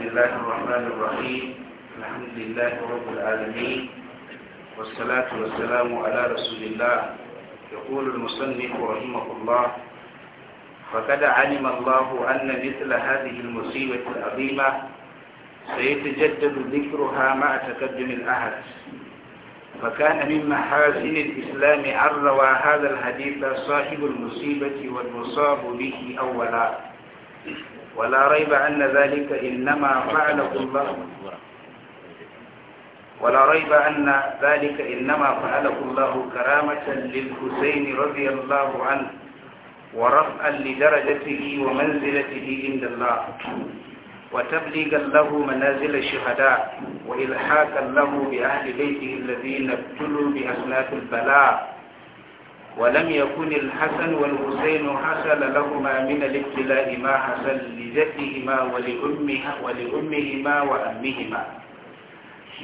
بسم الله الرحمن الرحيم الحمد لله رب العالمين والصلاة والسلام على رسول الله يقول المصنف رحمه الله فقد علم الله أن مثل هذه المصيبة العظيمة سيتجدد ذكرها مع تقدم الأهد فكان من محاسن الإسلام أن روى هذا الحديث صاحب المصيبة والمصاب به أولا ولا ريب أن ذلك إنما فعله الله ولا ريب أن ذلك إنما فعله الله كرامة للحسين رضي الله عنه ورفعا لدرجته ومنزلته عند الله وتبليغا له منازل الشهداء وإلحاقا له بأهل بيته الذين ابتلوا بأسناف البلاء ولم يكن الحسن والحسين حصل لهما من الابتلاء ما حصل لذاتهما ولأمها ولأمهما وأمهما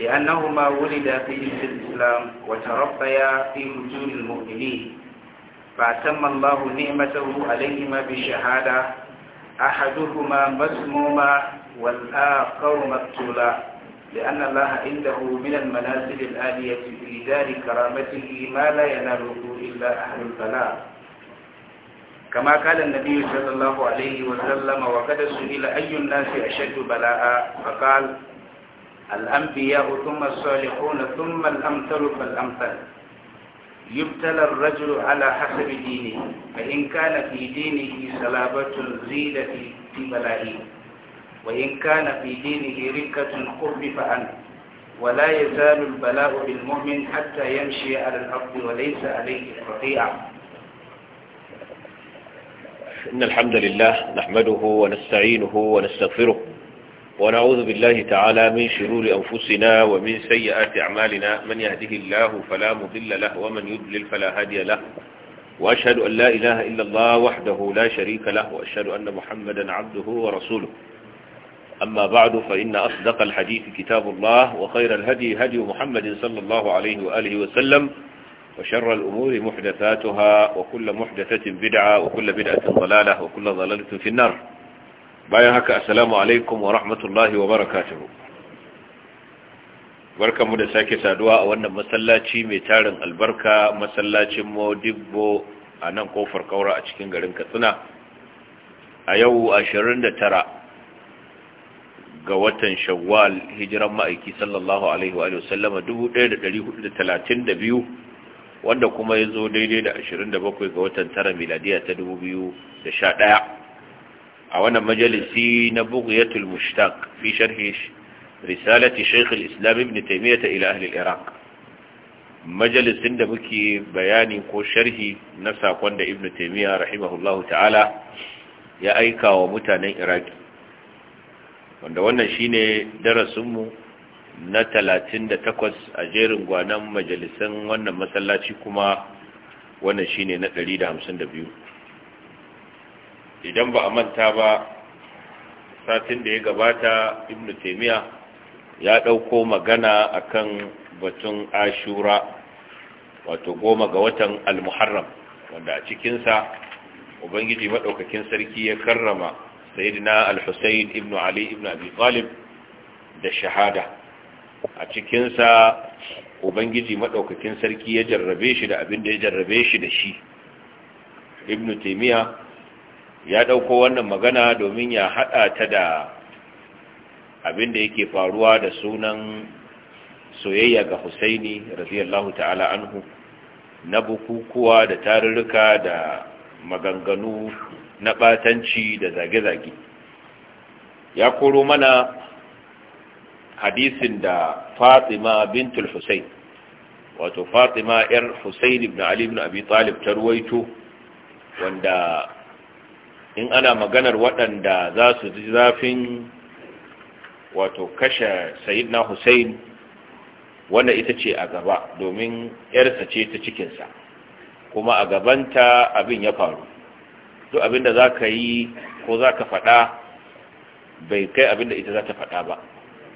لأنهما ولدا في جنس الإسلام وتربيا في وجود المؤمنين فأتم الله نعمته عليهما بشهادة أحدهما مسموما والآخر مقتولا لأن الله عنده من المنازل الآلية في دار كرامته ما لا يناله إلا أهل الفلاح كما قال النبي صلى الله عليه وسلم وقد سئل أي الناس أشد بلاء فقال الأنبياء ثم الصالحون ثم الأمثل فالأمثل يبتلى الرجل على حسب دينه فإن كان في دينه سلابة زيد في بلائه وإن كان في دينه ركة خفف عنه ولا يزال البلاء بالمؤمن حتى يمشي على الأرض وليس عليه قطيعة إن الحمد لله نحمده ونستعينه ونستغفره ونعوذ بالله تعالى من شرور أنفسنا ومن سيئات أعمالنا من يهده الله فلا مضل له ومن يضلل فلا هادي له وأشهد أن لا إله إلا الله وحده لا شريك له وأشهد أن محمدا عبده ورسوله أما بعد فإن أصدق الحديث كتاب الله وخير الهدي هدي محمد صلى الله عليه وآله وسلم وشر الأمور محدثاتها وكل محدثة بدعة وكل بدعة ضلالة وكل ضلالة في النار بايهك السلام عليكم ورحمة الله وبركاته barkan mu da sake saduwa a wannan masallaci mai tarin albarka masallacin modibbo a nan kofar kaura a cikin garin katsina a yau 29 ga watan shawwal hijiran ma'aiki sallallahu alaihi wa sallama 1432 wanda kuma ya zo daidai da 27 ga watan tara miladiya ta 2011 a wannan majalisi na bugiyatul mushtaq fi sharhi risalati shaykh al-islam ibn taymiyyah ila ahli al-iraq majalisin da muke bayani ko sharhi na sakon da ibn taymiyyah rahimahullahu ta'ala ya aika wa mutanen iraki wanda wannan shine darasinmu na 38 a jerin gwanan majalisan wannan masallaci kuma wannan shine na 152 idan ba a manta ba satin da ya gabata ibnu taymiya ya ɗauko magana akan batun ashura wato goma ga watan al-muharram wanda a cikinsa ubangiji madaukakin sarki ya karrama Saidina al-husayn ibn ali ibn abi talib da shahada a cikinsa ubangiji madaukakin sarki ya jarrabe shi da abin da ya jarrabe shi da shi Ibnu taimiyya ya ɗauko wannan magana domin ya haɗa ta da abin da yake faruwa da sunan soyayya ga husaini radiyallahu ta'ala anhu na bukukuwa da tarurruka da maganganu na batanci da zage-zage ya koro mana hadisin da fatima bintul husayn wato fatima yar husayn ibn ali ibn abi talib ta ruwaito wanda in ana maganar waɗanda za su ji zafin wato kashe na husayn wanda ita ce a gaba domin yarsa ce ta cikinsa kuma a gabanta abin ya faru duk abinda za ka yi ko za ka faɗa bai kai abinda ita za ta faɗa ba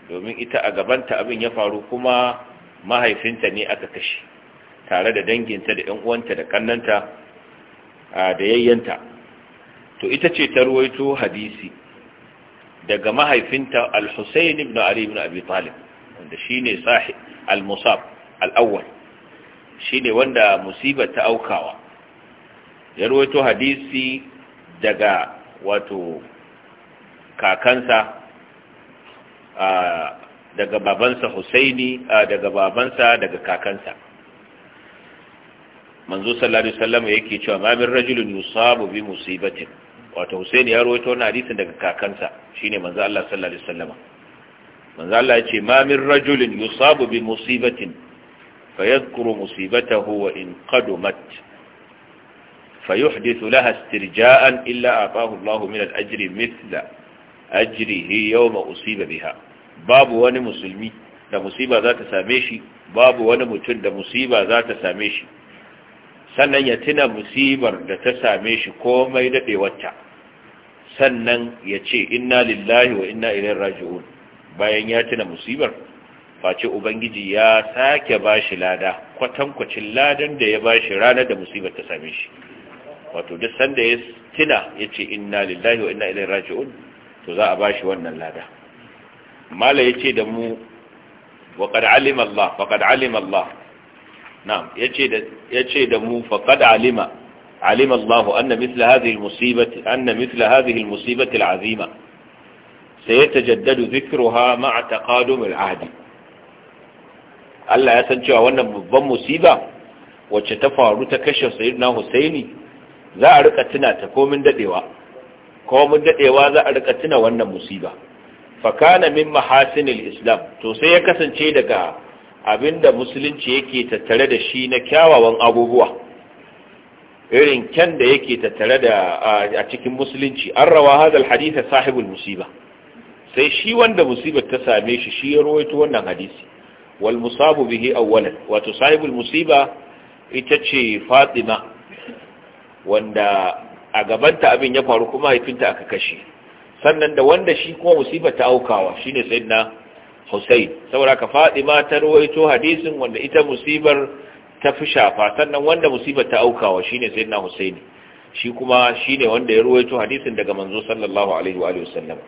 domin ita a gabanta abin ya faru kuma mahaifinta ne aka kashe tare da danginta da 'yan uwanta da kannanta da yayyanta to ita ce ta ruwaito hadisi daga mahaifinta al-Husayn ibn Ali ibn Abi Talib wanda shine sahib al-musab al-awwal shine wanda musibar ta aukawa ya ruwaito hadisi daga wato kakansa daga babansa husaini daga babansa daga kakansa manzo sallallahu alaihi wasallam yake cewa ma min rajulin yusabu bi musibatin wato husaini ya rawaito wannan hadisin daga kakansa shine manzo Allah sallallahu alaihi wasallam manzo Allah ya ce ma min rajulin yusabu bi musibatin fayadhkuru musibatahu wa in qadumat فيحدث لها استرجاء إلا أعطاه الله من الأجر مثل أجره يوم أصيب بها باب وان مسلمي da musiba za ta same shi babu wani mutum da musiba za ta same shi sannan ya tuna musibar da ta same shi komai daɗewarta sannan ya ce inna lillahi wa inna ilin raji'un bayan ya tuna musibar face ubangiji ya sake ba shi lada kwatankwacin ladan da ya ba shi ranar da musibar ta same shi wato duk sanda ya tina ya ce inna lillahi wa inna ilaihi raji'un to za a bashi wannan lada mala ce da mu wa qad alima Allah wa qad alima Allah na'am yace da yace da mu fa qad alima alima Allah anna mithla hadhihi almusibati anna mithla hadhihi almusibati alazima sayatajaddadu dhikruha ma'a taqadum alahdi Allah ya san cewa wannan babban musiba wacce ta faru ta kashe sayyidina Husaini za a rika tuna ta komin dadewa komin dadewa za a rika tuna wannan musiba fakana min mahasinil islam to sai ya kasance daga abinda musulunci yake tattare da shi na kyawawan abubuwa irin kyan da yake tattare da a cikin musulunci an rawa hadal haditha sahibul musiba sai shi wanda musibar ta same shi shi ya rawaito wannan hadisi wal musabu bihi awwalan wato sahibul musiba ita ce fatima wanda a gabanta abin ya faru kuma haifinta aka kashe sannan da wanda shi kuma musibar ta aukawa shine sayyidina Hussein saboda ka Fatima ta ruwaito hadisin wanda ita musibar ta fi shafa sannan wanda musibar ta aukawa shine sayyidina Hussein shi kuma shine wanda ya ruwaito hadisin daga manzo sallallahu alaihi wa sallam wasallam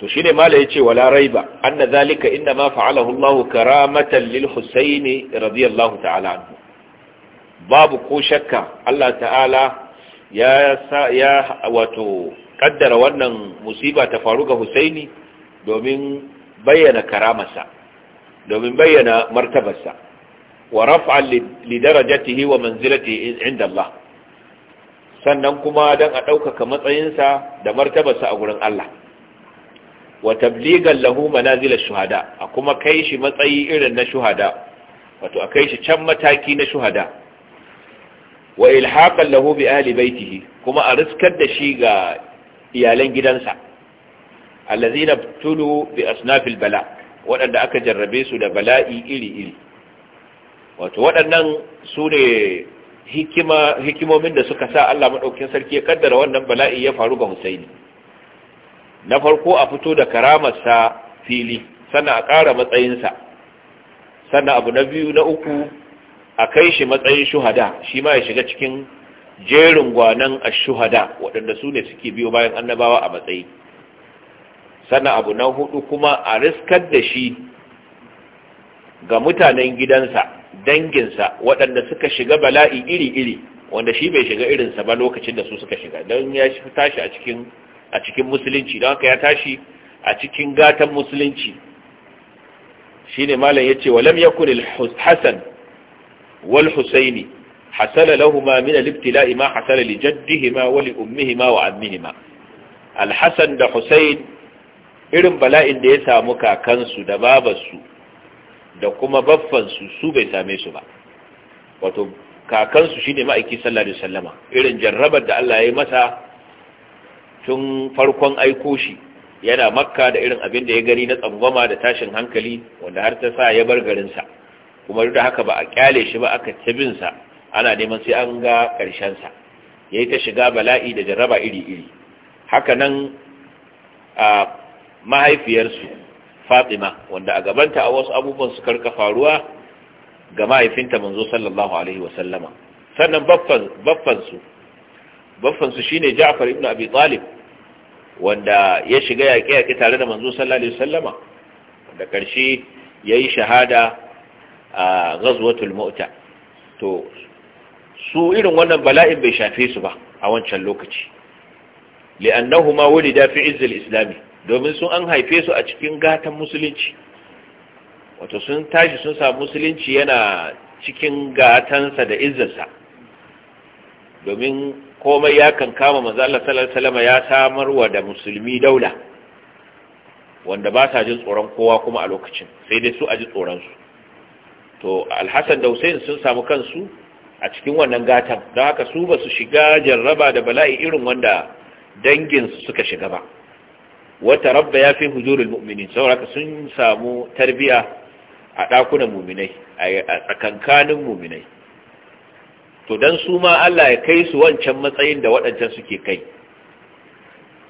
to shine mala yace wala raiba anna zalika inna ma fa'alahu Allah karamatan lil Husaini radiyallahu ta'ala anhu babu ko shakka Allah ta'ala ya ya wato kaddara wannan musiba ta faru ga Husaini domin bayyana karamarsa domin bayyana martabarsa wa raf'a li darajatihi wa manzilatihi inda Allah sannan kuma dan a ɗaukaka matsayinsa da martabarsa a gurin Allah wa tabligan lahu manazil shuhada a kuma kai shi matsayi irin na shuhada wato a kai shi can mataki na shuhada wa ilhaqan lahu bi ahli baitihi kuma a riskar da shi ga iyalan gidansa allazina tulu bi asnafil bala wadanda aka jarrabe su da bala'i iri iri wato waɗannan su ne hikimomin da suka sa Allah maɗaukin sarki ya kaddara wannan bala'i ya faru ga Husaini na farko a fito da karamarsa fili sannan a ƙara matsayinsa sannan abu na biyu na uku a kai shi matsayin shuhada shi ma ya shiga cikin jerin gwanan shuhada waɗanda su ne suke biyo bayan annabawa a matsayi sannan abu na hudu kuma a riskar da shi ga mutanen gidansa danginsa waɗanda suka shiga bala'i iri-iri wanda shi bai shiga irinsa ba lokacin da su suka shiga don ya tashi a cikin musulunci don haka ya tashi a cikin gatan musulunci shine malam ya ce walam ya al-hasan wal husaini hasala lahuma min al-ibtila'i ma hasala li jaddihima wa wa al da husain irin bala'in da ya samu kakansu da babarsu da kuma baffansu su bai same su ba wato kakansu shine ma'aiki sallallahu alaihi wasallama irin jarrabar da Allah ya yi masa tun farkon aiko shi yana makka da irin abin da ya gani na tsangwama da tashin hankali wanda har ta sa ya bar garinsa kuma duk da haka ba a kyale shi ba aka ci bin sa ana neman sai an ga karshen sa yayi ta shiga bala'i da jaraba iri iri haka nan a mahaifiyar su Fatima wanda a gabanta a wasu abubuwan su karka faruwa ga mahaifinta manzo sallallahu alaihi wa sallama sannan baffan baffan su baffan su shine Ja'far ibn Abi Talib wanda ya shiga yaƙe-yaƙe tare da manzo sallallahu alaihi wa sallama da ƙarshe ya yi shahada a ghazwatul mota to su irin wannan bala'in bai shafe su ba a wancan lokaci ma wulida fi izzil islami domin sun an haife su a cikin gatan musulunci wato sun tashi sun samu musulunci yana cikin gatansa da izzarsa domin komai ya kan kama manzo Allah sallallahu ya samarwa da musulmi daula wanda ba sa jin tsoron kowa kuma a lokacin sai dai su a ji tsoron su to alhassan da hussein sun samu kansu a cikin wannan gatan don haka su ba su shiga jarraba da bala'i irin wanda danginsu suka shiga ba wata rabba ya fi hujurul mu'minin sauraka sun samu tarbiya a ɗakunan muminai a tsakankanin muminai to don su ma Allah ya kai su wancan matsayin da waɗancan suke kai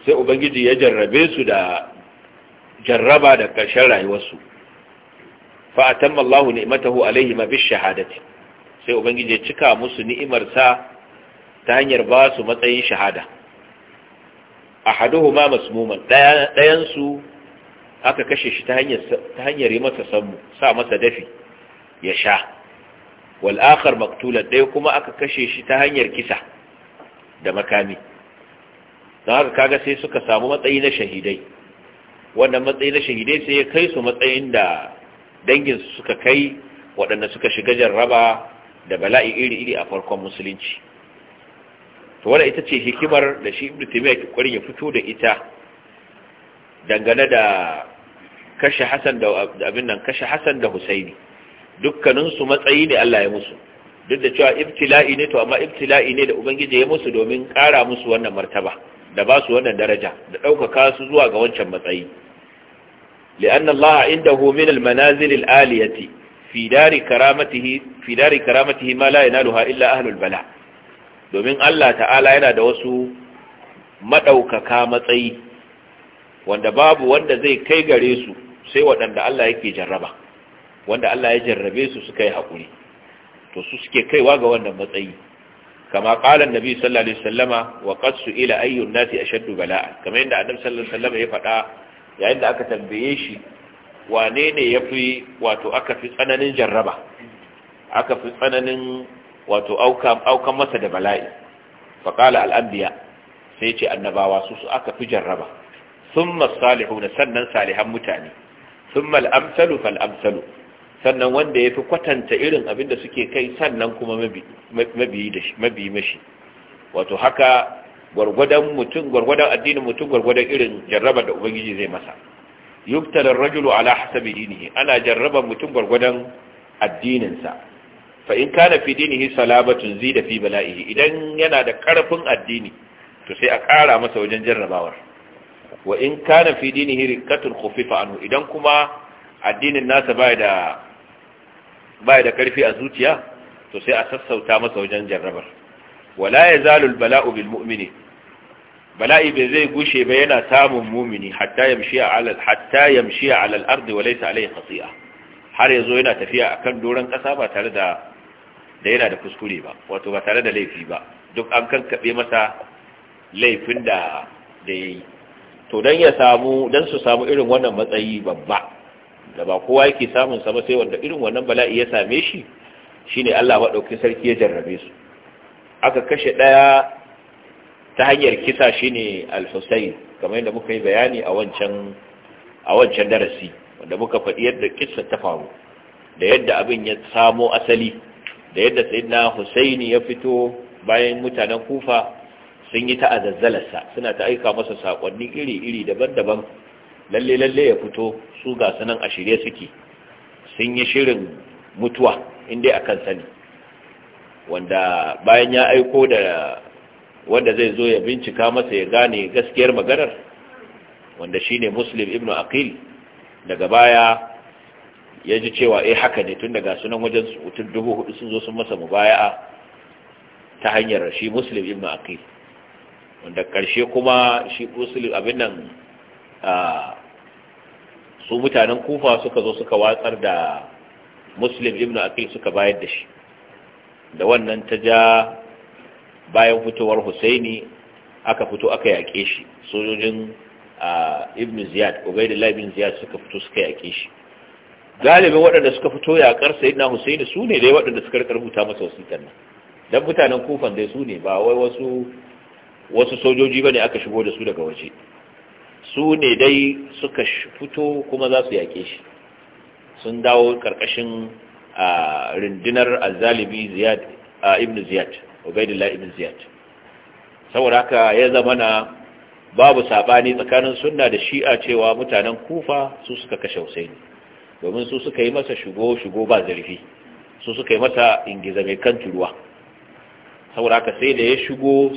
sai ubangiji ya jarrabe su da jarraba da ƙarshen rayuwarsu fa atamma Allahu ni'matahu alaihim bi shahadati sai ubangiji ya cika musu ni'imar sa ta hanyar ba su matsayin shahada ahaduhuma masmuman dayan su aka kashe shi ta hanyar yi masa sammu sa masa dafi ya sha wal'akar akhar ɗaya kuma aka kashe shi ta hanyar kisa da makami don haka kaga sai suka samu matsayi na shahidai wannan matsayi na shahidai sai ya kai su matsayin da dangin su suka kai waɗanda suka shiga jarraba da bala'i iri-iri a farkon musulunci to wadda ita ce hikimar da shi ibn taymiya ke kwarin ya fito da ita dangane da kashe Hassan da abin nan kashe Hassan da husaini dukkanin su matsayi ne Allah ya musu duk da cewa ibtila'i ne to amma ibtila'i ne da ubangiji ya musu domin ƙara musu wannan martaba da ba su wannan daraja da ɗaukaka su zuwa ga wancan matsayi لأن الله عنده من المنازل الآلية في دار كرامته في دار كرامته ما لا ينالها إلا أهل البلاء domin Allah ta'ala yana da wasu maɗaukaka matsayi wanda babu wanda zai kai gare su sai waɗanda Allah yake jarraba wanda Allah ya jarrabe su suka yi haƙuri to su suke kaiwa ga wannan matsayi kama ƙalan nabi sallallahu alaihi wasallama wa qad su'ila ayyun nasi ashaddu bala'a kamar yadda annabi sallallahu alaihi wasallama ya faɗa yayin da aka tambaye shi wane ne ya fi wato aka fi tsananin jarraba aka fi tsananin wato aukan masa da bala'i faƙala al'ambiya sai ce annabawa su su aka fi jarraba sun masalihu na sannan salihan mutane sun mal'amsalu fal'amsalu sannan wanda ya fi kwatanta irin abin da suke kai sannan kuma mabi mashi wato haka gwargwadon mutum gwargwadon addinin mutum gwargwadon irin jarrabar da ubangiji zai masa yubtala rajulu ala hasabi dinihi ana jarrabar mutum gwargwadon addininsa fa in kana fi dinihi salabatun zida fi bala'ihi idan yana da karfin addini to sai a kara masa wajen jarrabawar wa in kana fi dinihi rikkatun khufifa anhu idan kuma addinin nasa baya da bai da karfi a zuciya to sai a sassauta masa wajen jarrabar wala yazalu bala'u bil mu'mini bala'i bai zai gushe ba yana samun mumini hatta yamshi ala hatta yamshi ala al-ardi wa laysa alayhi khati'a har yazo yana tafiya akan doran kasa ba tare da da yana da kuskure ba wato ba tare da laifi ba duk an kankabe masa laifin da da yayi to dan ya samu dan su samu irin wannan matsayi babba da ba kowa yake samun sa ba sai wanda irin wannan bala'i ya same shi shine Allah madaukakin sarki ya jarrabe su aka kashe ɗaya ta hanyar kisa shine al-husayn kamar yadda muka yi bayani a wancan darasi wanda muka faɗi yadda kisa ta faru da yadda abin ya samo asali da yadda sayyidina husaini ya fito bayan mutanen kufa sun yi ta azazzalarsa suna ta aika masa saƙonni iri-iri daban-daban lalle-lalle ya fito su ga sanan a shirye suke sun yi shirin mutuwa inda a kan sani wanda bayan ya aiko da wanda zai zo ya bincika masa ya gane gaskiyar maganar wanda shine muslim ibn aqil daga baya ya ji cewa eh haka ne tun daga sunan wajen mutum dubu hudu sun zo sun masa mubaya'a ta hanyar shi muslim ibn aqil wanda karshe kuma shi muslim abin nan su mutanen kufa suka zo suka watsar da muslim ibn aqil suka bayar da shi da wannan ta ja bayan fitowar husaini aka fito aka yaƙe shi sojojin ibn ziyad ubaidullah ibn ziyad suka fito suka yaƙe shi galibin waɗanda suka fito yaƙar sayyidina husaini su ne dai waɗanda suka rubuta masa wasiƙar nan dan mutanen kufan dai su ne ba wai wasu wasu sojoji bane aka shigo da su daga waje su ne dai suka fito kuma za su yaƙe shi sun dawo ƙarƙashin rundunar azzalibi ziyad ibn ziyad ubaidillah ibn ziyad saboda haka ya zama na babu sabani tsakanin sunna da shi'a cewa mutanen kufa su suka kashe husaini domin su suka yi masa shigo shigo ba zarfi su suka yi masa ingiza mai kan turuwa saboda haka sai da ya shigo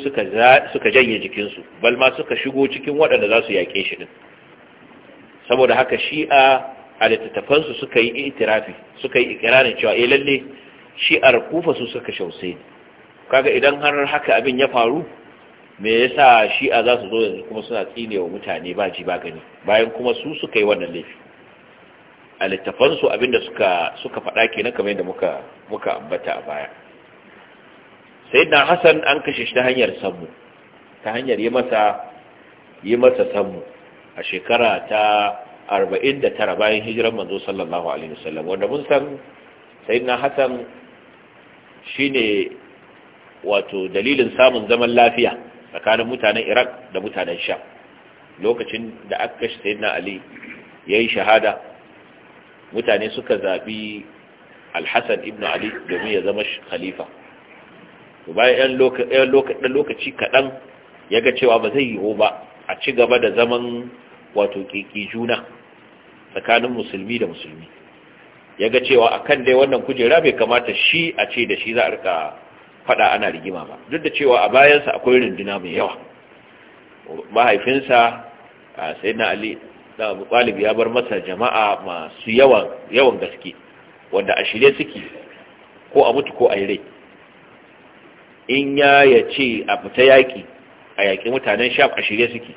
suka janye jikinsu bal ma suka shigo cikin waɗanda za su yaƙe shi din, saboda haka shi'a a littattafansu suka yi itirafi suka yi ikirarin cewa eh lalle shi'ar kufa su suka shause kaga idan har haka abin ya faru me yasa shi'a za su zo yanzu kuma suna wa mutane ba ji ba gani bayan kuma su suka yi wannan laifi a littattafansu, abinda suka suka faɗa kenan kamar yadda muka muka ambata a baya sayyidina hasan an kashe shi ta hanyar sammu ta hanyar yi masa yi masa sammu a shekara ta arba'in da tara bayan hijiran manzo sallallahu alaihi wasallam wanda mun san sayyidina hasan shine wato dalilin samun zaman lafiya tsakanin mutanen iraq da mutanen sha lokacin da aka kashe sayyidina ali yi shahada mutane suka zaɓi alhassan ibn ali domin ya zama khalifa bayan ɗan lokaci kaɗan ya ga cewa ba zai yiwu ba a ci gaba da zaman wato ƙiƙi juna tsakanin musulmi da musulmi ya ga cewa akan dai wannan kujera bai kamata shi a ce da shi za a rika fada ana rigima ba duk da cewa a bayansa akwai runduna mai yawa mahaifinsa a na ali da ya bar masa jama'a masu yawan yawan gaske wanda a shirye suke ko a mutu ko a yi rai in ya ya ce a fita yaƙi a yaƙi mutanen sha a shirye suke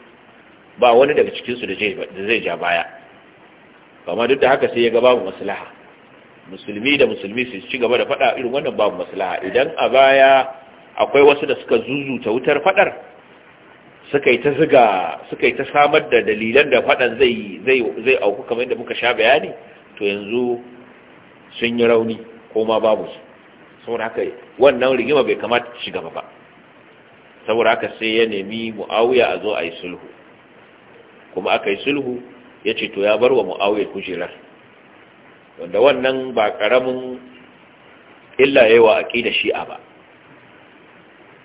ba wani daga cikinsu da zai ja baya kamar duk da haka sai ya ga babu maslaha musulmi da musulmi su ci gaba da fada irin wannan babu maslaha idan a baya akwai wasu da suka zuzuta wutar fadar suka yi ta ziga suka yi ta samar da dalilan da fadan zai zai zai auku kamar yadda muka sha bayani to yanzu sun yi rauni ko ma babu su saboda haka wannan rigima bai kamata ci gaba ba saboda haka sai ya nemi mu'awiya a zo a yi sulhu kuma aka yi sulhu ya ce to ya bar wa mu'awiyar kujerar wanda wannan ba ƙaramin illa yawa a ƙi da shi'a ba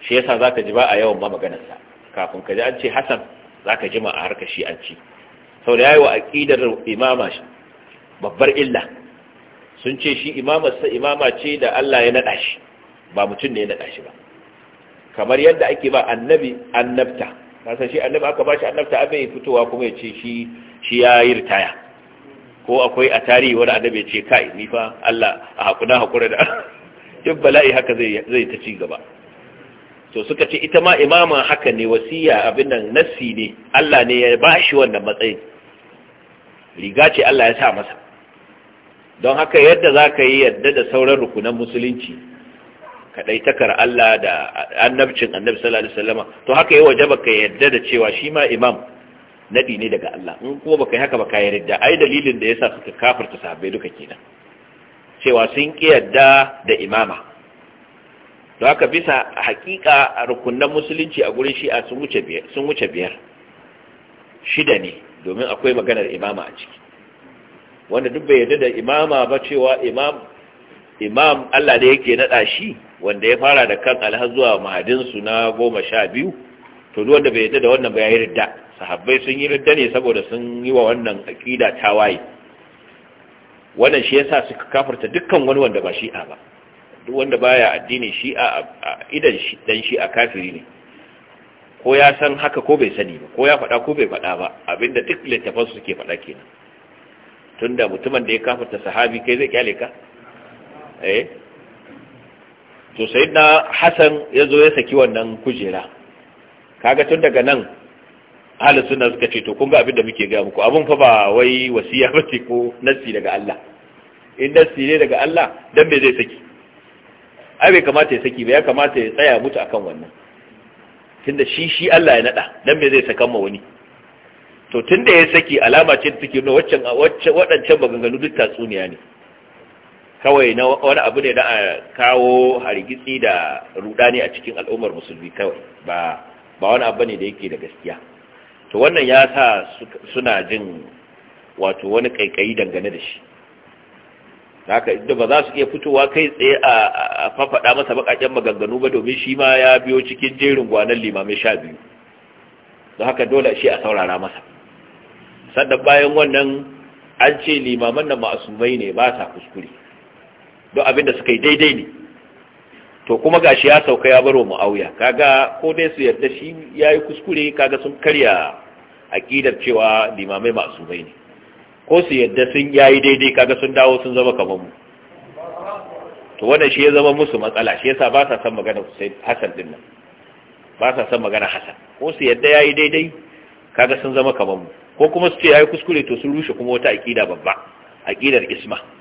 shi yasa za ka ji ba a yawan ma maganarsa kafin ka ji an ce hassan za ka ji ma a harkar shi'anci sau da yi wa aƙidar imama babbar illa sun ce shi imamarsa imama ce da Allah ya naɗa shi ba mutum ne ya naɗa shi ba kamar yadda ake ba annabi annabta kasashe shi annabi aka bashi annabta abin fitowa kuma ya ce shi shi ya yi ritaya ko akwai a tarihi wani annabi ya ce kai ni fa Allah a hakuna hakura da duk bala'i haka zai zai ta ci gaba to suka ce ita ma imaman haka ne wasiya abin nan nassi ne Allah ne ya ba shi wannan matsayin riga ce Allah ya sa masa don haka yadda zaka yi yadda da sauran rukunan musulunci takar Allah da annabcin annabi sallallahu alaihi wasallama to haka yayi wajaba ka yadda da cewa shi ma imam nadi ne daga Allah in kuma baka yi haka baka yarda ai dalilin da yasa suka kafirta sahabbai duka kenan cewa sun ki yadda da imama to haka bisa hakika rukunnan musulunci a gurin shi'a sun wuce biyar sun wuce biyar shida ne domin akwai maganar imama a ciki wanda duk bai yarda da imama ba cewa imam imam Allah da yake nada shi wanda ya fara da kan alhaz zuwa mahadinsu na goma sha biyu to duk wanda bai yadda da wannan ba ya yi ridda sahabbai sun yi ridda ne saboda sun yi wa wannan aƙida waye. wannan shi yasa suka kafarta dukkan wani wanda ba shi'a ba duk wanda baya addini shi'a a idan dan shi'a kafiri ne ko ya san haka ko bai sani ba ko ya faɗa ko bai faɗa ba abinda duk su suke faɗa kenan tunda mutumin da ya kafarta sahabi kai zai kyale ka eh to da hasan ya zo ya saki wannan kujera kaga tun daga nan ahlus sunna suka ce to kun ga abin da muke ga muku abun fa ba wai wasiya bace ko nasi daga Allah in nasi ne daga Allah dan me zai saki ai bai kamata ya saki ba ya kamata ya tsaya mutu akan wannan tunda shi shi Allah ya nada dan me zai saka ma wani to tunda ya saki alama ce take nuna waccan waccan wadancan maganganu duk tatsuniya ne kawai na wani abu ne da a kawo hargitsi da rudani a cikin al'ummar musulmi kawai ba ba wani abu ne da yake da gaskiya to wannan ya sa suna jin wato wani kaikayi dangane da shi haka inda ba za su iya fitowa kai tsaye a fafaɗa masa baƙaƙen maganganu ba domin shi ma ya biyo cikin jerin gwanan limamai sha biyu don haka dole shi a saurara masa sannan bayan wannan an ce limaman nan ma'asumai ne ba sa kuskure don abin da suka yi daidai ne to kuma gashi ya sauka ya baro muawiya kaga ko dai su yarda shi ya yi kuskure kaga sun karya aqidar cewa limamai masumai ne ko su yarda sun yayi daidai kaga sun dawo sun zama kamar mu to wannan shi ya zama musu matsala shi yasa ba sa san magana Hussein Hassan din nan ba sa san magana Hassan ko su yarda yayi daidai kaga sun zama kamar mu ko kuma su ce yayi kuskure to sun rushe kuma wata aqida babba aqidar isma'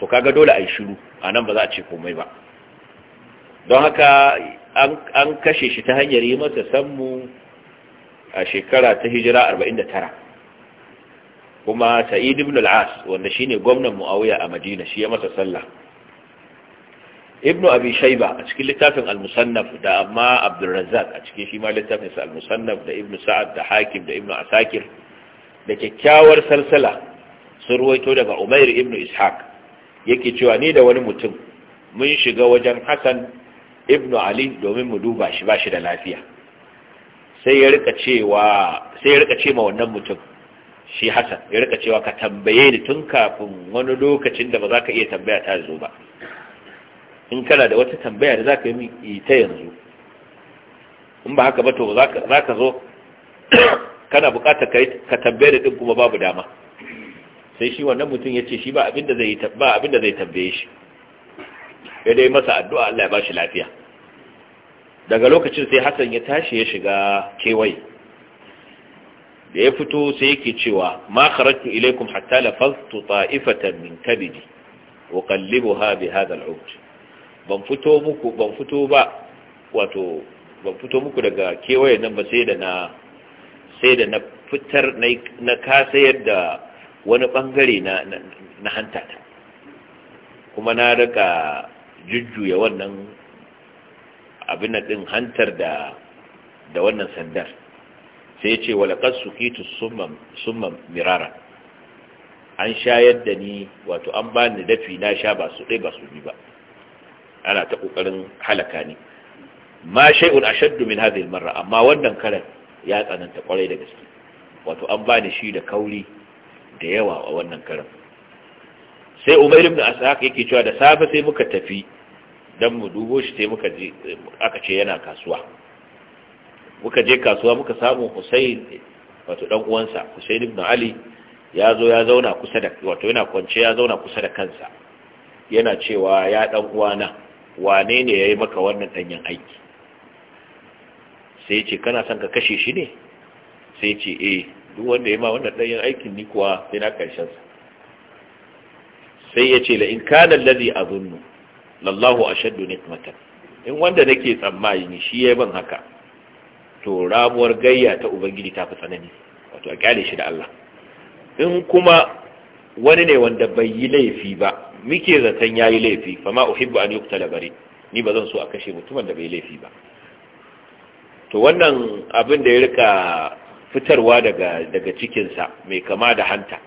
to kaga dole a yi shiru a nan ba za a ce komai ba don haka an kashe shi ta hanyar yi masa sammu a shekara ta hijira 49 kuma sa'id ibn al-as wanda shine gwamnan muawiya a madina shi ya masa sallah ibnu abi shaiba a cikin littafin al-musannaf da amma abdul a cikin shi ma littafin sa al-musannaf da Ibn sa'ad da hakim da Ibn asakir da kyakkyawar salsala sun ruwaito daga umair ibnu ishaq yake cewa ni da wani mutum mun shiga wajen Hassan ibn Ali domin mu duba shi ba shi da lafiya sai ya rika cewa sai ya rika ce wannan mutum shi Hassan ya rika cewa ka tambaye ni tun kafin wani lokacin da ba za ka iya tambaya ta zo ba in kana da wata tambaya da za ka yi min ita yanzu in ba haka ba to za ka zo kana bukatar ka tambaye da din kuma babu dama sai shi wannan mutum ya ce shi ba abin zai tambaye shi ya dai masa addu'a Allah ya bashi lafiya daga lokacin sai Hassan ya tashi ya shiga kewaye da ya fito sai yake cewa ma kharajtu ilaikum hatta fastu ta'ifatan min kabidi qallibuha bi hadha al'ud ban fito muku ban fito ba wato ban fito muku daga kewaye nan ba sai da na sai da na fitar na kasayar da wani bangare na na hanta ta kuma na rika jujjuya wannan abin din hantar da da wannan sandar sai ya ce walaqad sukitu summa summa mirara an shayar da ni wato an bani dafi na sha ba su dai ba su bi ba ana ta kokarin halaka ni ma shay'un ashaddu min hadhihi al-marra amma wannan karan ya tsananta kwarai da gaske wato an bani shi da kauri da yawa a wannan karin sai umar ibn ashaq yake cewa da safe sai muka tafi dan mu dubo shi sai muka je aka ce yana kasuwa muka je kasuwa muka samu Hussein wato dan uwansa Hussein ibn Ali ya zo ya zauna kusa da wato yana kwance ya zauna kusa da kansa yana cewa ya dan uwana wane ne yayi maka wannan danyen aiki sai ce kana son ka kashe shi ne sai ce eh duk wanda ya ma wannan ɗanyen aikin ni kuwa sai na ƙarshen sa sai ya ce la in kana a zunnu lallahu ashaddu nikmatan in wanda nake tsammani shi ya yi ban haka to rabuwar gayya ta ubangiji ta fi tsanani wato a kyale shi da Allah in kuma wani ne wanda bai yi laifi ba muke zaton ya yi laifi fa ma uhibbu an yuqtala bari ni ba zan so a kashe mutumin da bai laifi ba to wannan abin da ya rika fitarwa daga daga cikinsa mai kama da hanta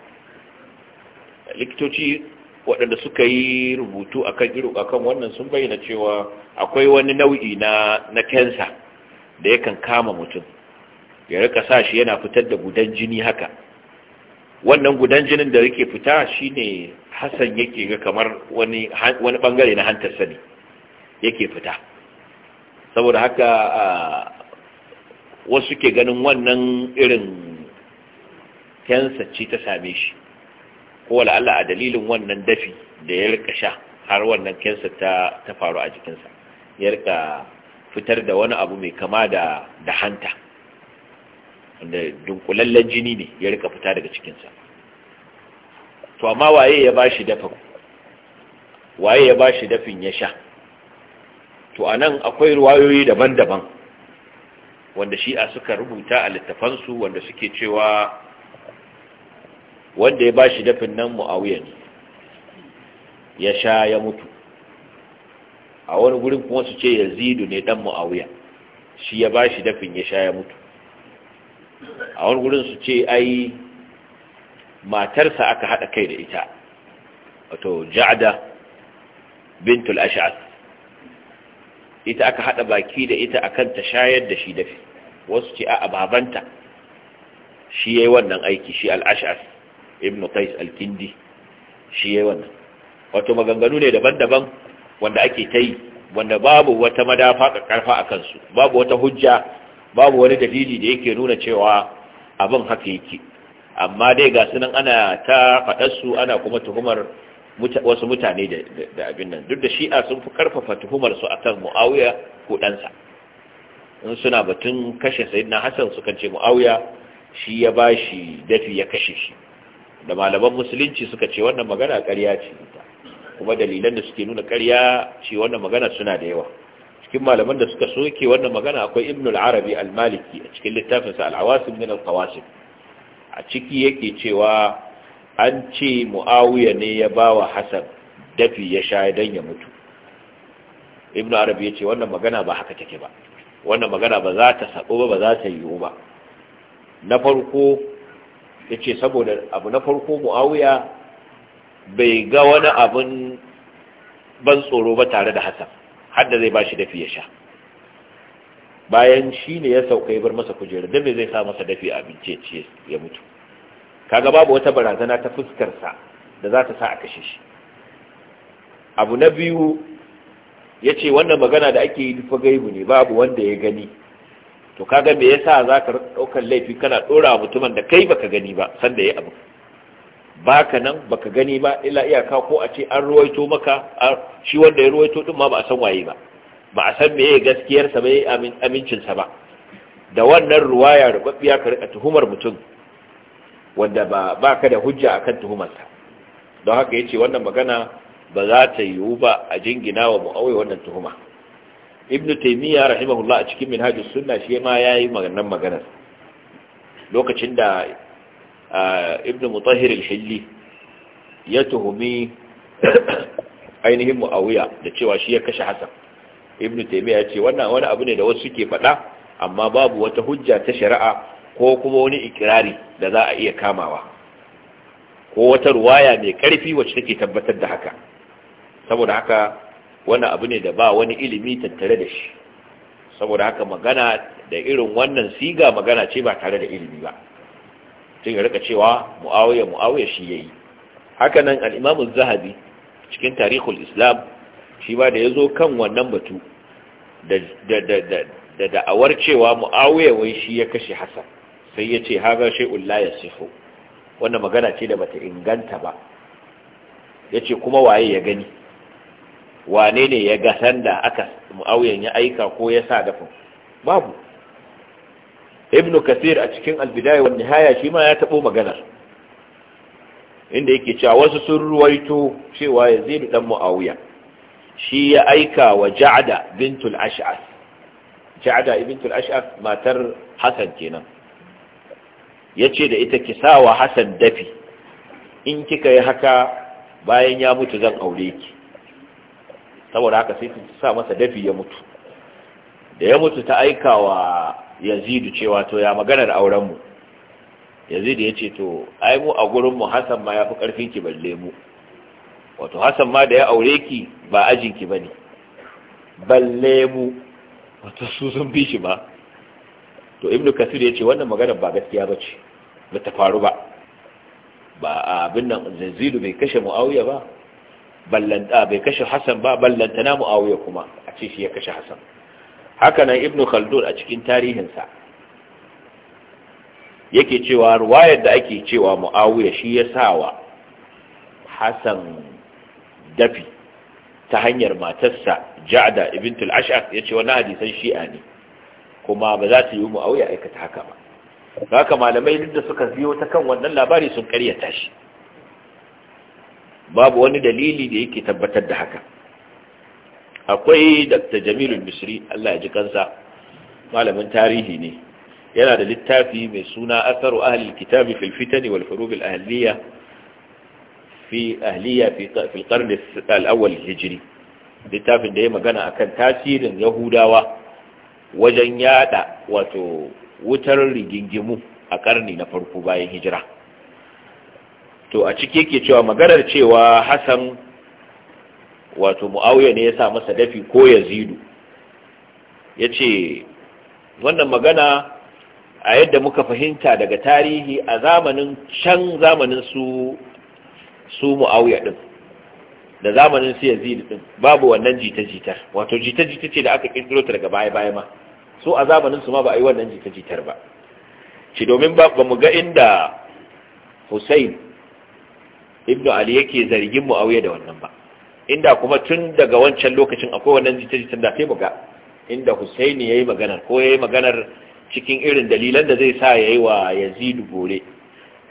likitoci waɗanda suka yi rubutu akan iru akan wannan sun bayyana cewa akwai wani nau'i na na kensa da yakan kama mutum ya rika sa shi yana fitar da gudan jini haka wannan gudan jinin da yake fita shine Hassan yake ga kamar wani wani bangare na hantarsa ne yake fita saboda haka ah, wasu ke ganin wannan irin ce ta same shi ko Allah a dalilin wannan dafi da ya rika sha har wannan kensa ta faru a jikinsa ya rika fitar da wani abu mai kama da hanta wanda dunkulallen jini ne ya rika fita daga cikinsa to amma waye ya ba shi dafa waye ya ba shi dafin ya sha to anan akwai ruwayoyi daban-daban wanda shi'a suka rubuta a littafansu wanda suke cewa wanda ya bashi dafin nan mu'awiyar ne ya sha ya mutu a wani gurin kuma su ce yazidu ne dan mu'awiya shi ya bashi dafin ya sha ya mutu a wani gurin su ce ai matarsa aka haɗa kai da ita wato ja'ada bintul ash'ad ita aka haɗa baki da ita akan ta shayar da shi dafi wasu ce a babanta shi yayi wannan aiki shi al ibn qais al-kindi shi yayi wannan wato maganganu ne daban-daban wanda ake ta wanda babu wata madafa karfa a kansu babu wata hujja babu wani dalili da yake nuna cewa abin haka yake amma dai ga sunan ana ta su ana kuma tuhumar wasu mutane da abin nan duk da shi'a sun fi karfafa tuhumar su akan muawiya ko ɗansa in suna batun kashe na hassan sukan ce muawiya shi ya bashi dafi ya kashe shi da malaman musulunci suka ce wannan magana ƙarya ce kuma dalilan da suke nuna ƙarya ce wannan magana suna da yawa cikin malaman da suka soke wannan magana akwai ibnul al-arabi al-maliki a cikin littafinsa al-awasim min al-qawasim a ciki yake cewa an ce mu'awiya ne ya ba wa hassan dafi ya sha don ya mutu ibn arabi ya ce wannan magana ba haka take ba wannan magana ba za ta sabo ba ba za ta yiwu ba na farko ya ce saboda abu na farko mu'awiya bai ga wani abin ban tsoro ba tare da hassan har da zai ba shi dafi ya sha bayan shi ne ya sauka ya bar masa kujerar da mai zai sa masa dafi abinci ya mutu kaga babu wata barazana ta fuskarsa da za ta sa a kashe shi abu na biyu ya ce wannan magana da ake yi dufa gaibu ne babu wanda ya gani to kaga me yasa za ka ɗaukar laifi kana ɗora mutumin da kai baka gani ba sanda ya abu baka nan baka gani ba illa iyaka ko a ce an ruwaito maka shi wanda ya ruwaito din ma ba a san waye ba ba a san meye gaskiyarsa ba amincinsa ba da wannan ruwaya rubabbiya ka rika tuhumar mutum wanda ba ka da hujja akan tuhumarsa don haka ya ce wannan magana ba za ta yiwu ba a jingina wa mu'awai wannan tuhuma ibnu taymiya rahimahullah a cikin minhajus sunna shi ma yayi maganar maganar lokacin da ibnu mutahhir al-hilli ya tuhumi ainihin mu'awiya da cewa shi ya kashe hasan ibnu taymiya ya ce wannan wani abu ne da wasu suke faɗa amma babu wata hujja ta shari'a ko kuma wani ikirari da za a iya kamawa ko wata ruwaya mai karfi wacce take tabbatar da haka saboda haka wani abu ne da ba wani ilimi tattare da shi saboda haka magana da irin wannan siga magana ce ba tare da ilimi ba tun ya rika cewa mu'awiya mu'awiya shi yi. haka nan al zahabi cikin tarihul islam shi ba da ya zo kan wannan batu da da'awar cewa mu'awiya wai shi ya kashe Hassan. sai ya ce haza shay'un magana ce da bata inganta ba ce kuma waye ya gani wane ne ya ga sanda aka mu'awiyan ya aika ko ya sa dafin babu ibn kathir a cikin albidaya wa haya shi ma ya taɓo magana inda yake cewa wasu sun ruwaito cewa yazid dan mu'awiya shi ya aika wa Ja'ada bintul ash'ath ja'da bintul ash'ath matar hasan kenan ya ce da ita ki sa wa Hassan dafi in kika yi haka bayan ya mutu zan aure ki saboda haka sai ki sa masa dafi ya mutu da ya mutu ta aika wa yazidu cewa to ya maganar mu. yazidu ya ce to ai mu a gurin mu, Hassan ma ya fi ki balle mu wato Hassan ma da ya aure ki ba ki ba ne balle mu wato su sun bi shi ba to ibnu kasir ya ce wannan magana ba gaskiya ba ce ba ta faru ba ba abin nan zanzilu bai kashe mu'awiya ba ballanta ah, bai kashe hasan ba na mu'awiya kuma a ce shi ya kashe hasan haka nan ibnu khaldun a cikin tarihinsa yake cewa ruwayar da ake cewa mu'awiya shi ya sawa Hassan, dafi ta hanyar matarsa ja'da ibn al ya yace wannan hadisan shi'a ne kuma ba za ta yi mu auya aikata haka ba haka malamai duk da suka biyo ta kan wannan labari sun karyata shi babu wani dalili da yake tabbatar da haka akwai dr Jamilu misri allah ya ji kansa malamin tarihi ne yana da littafi mai suna asaru ahlil kitabi fil fitani wal furub al ahliya fi ahliya fi al-awwal hijri littafin da ya magana akan tasirin yahudawa wajen yada wato wutar rigingimu a karni na farko bayan hijira to a ciki yake cewa maganar cewa Hassan wato mu'awiyar ne ya sa masa dafi ko Yazidu ce wannan magana a yadda muka fahimta daga tarihi a zamanin can zamanin su su ɗin da zamanin su yazid din babu wannan jita-jitar wato jita-jita ce da aka kirkiro ta daga baya-baya ma so a zamanin su ma ba a yi wannan jita-jitar ba ci domin ba mu ga inda Hussein ibnu Ali yake zargin Muawiya da wannan ba inda kuma tun daga wancan lokacin akwai wannan jita-jitar da sai mu ga inda Hussein yayi maganar ko ya yi maganar cikin irin dalilan da zai sa ya yi wa Yazidu gore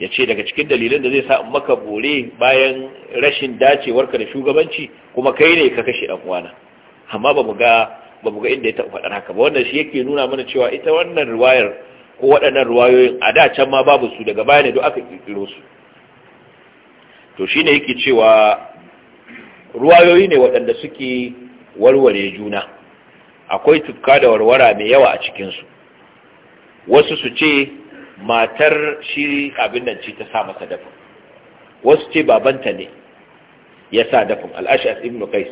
ya ce daga cikin dalilin da zai sa in maka bore bayan rashin dacewarka da shugabanci kuma kai ne ka kashe dan uwana amma ba mu ga ba inda ya taɓa faɗar haka ba wannan shi yake nuna mana cewa ita wannan ruwayar ko waɗannan ruwayoyin a da can ma babu su daga baya ne duk aka ƙirƙiro su to shine yake cewa ruwayoyi ne waɗanda suke warware juna akwai tufka da warwara mai yawa a cikinsu, wasu su ce matar shi abin nan ce ta sa masa dafin wasu ce babanta ne ya sa dafin al'ashas ibn qais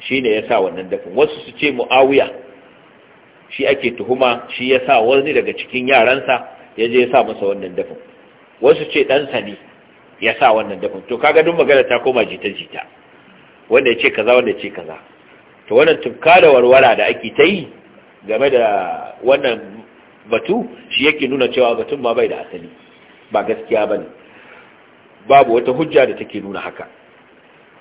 shine ya sa wannan dafin wasu su ce muawiya shi ake tuhuma shi ya sa wani daga cikin yaransa ya je ya sa masa wannan dafin wasu ce ɗansa ne ya sa wannan dafin to kaga duk magana ta koma jita-jita wanda ya ce kaza wanda ya ce kaza to wannan tufka da warwara da ake ta yi game da wannan batu shi yake nuna cewa batun ma bai da asali ba gaskiya ba ne babu wata hujja da take nuna haka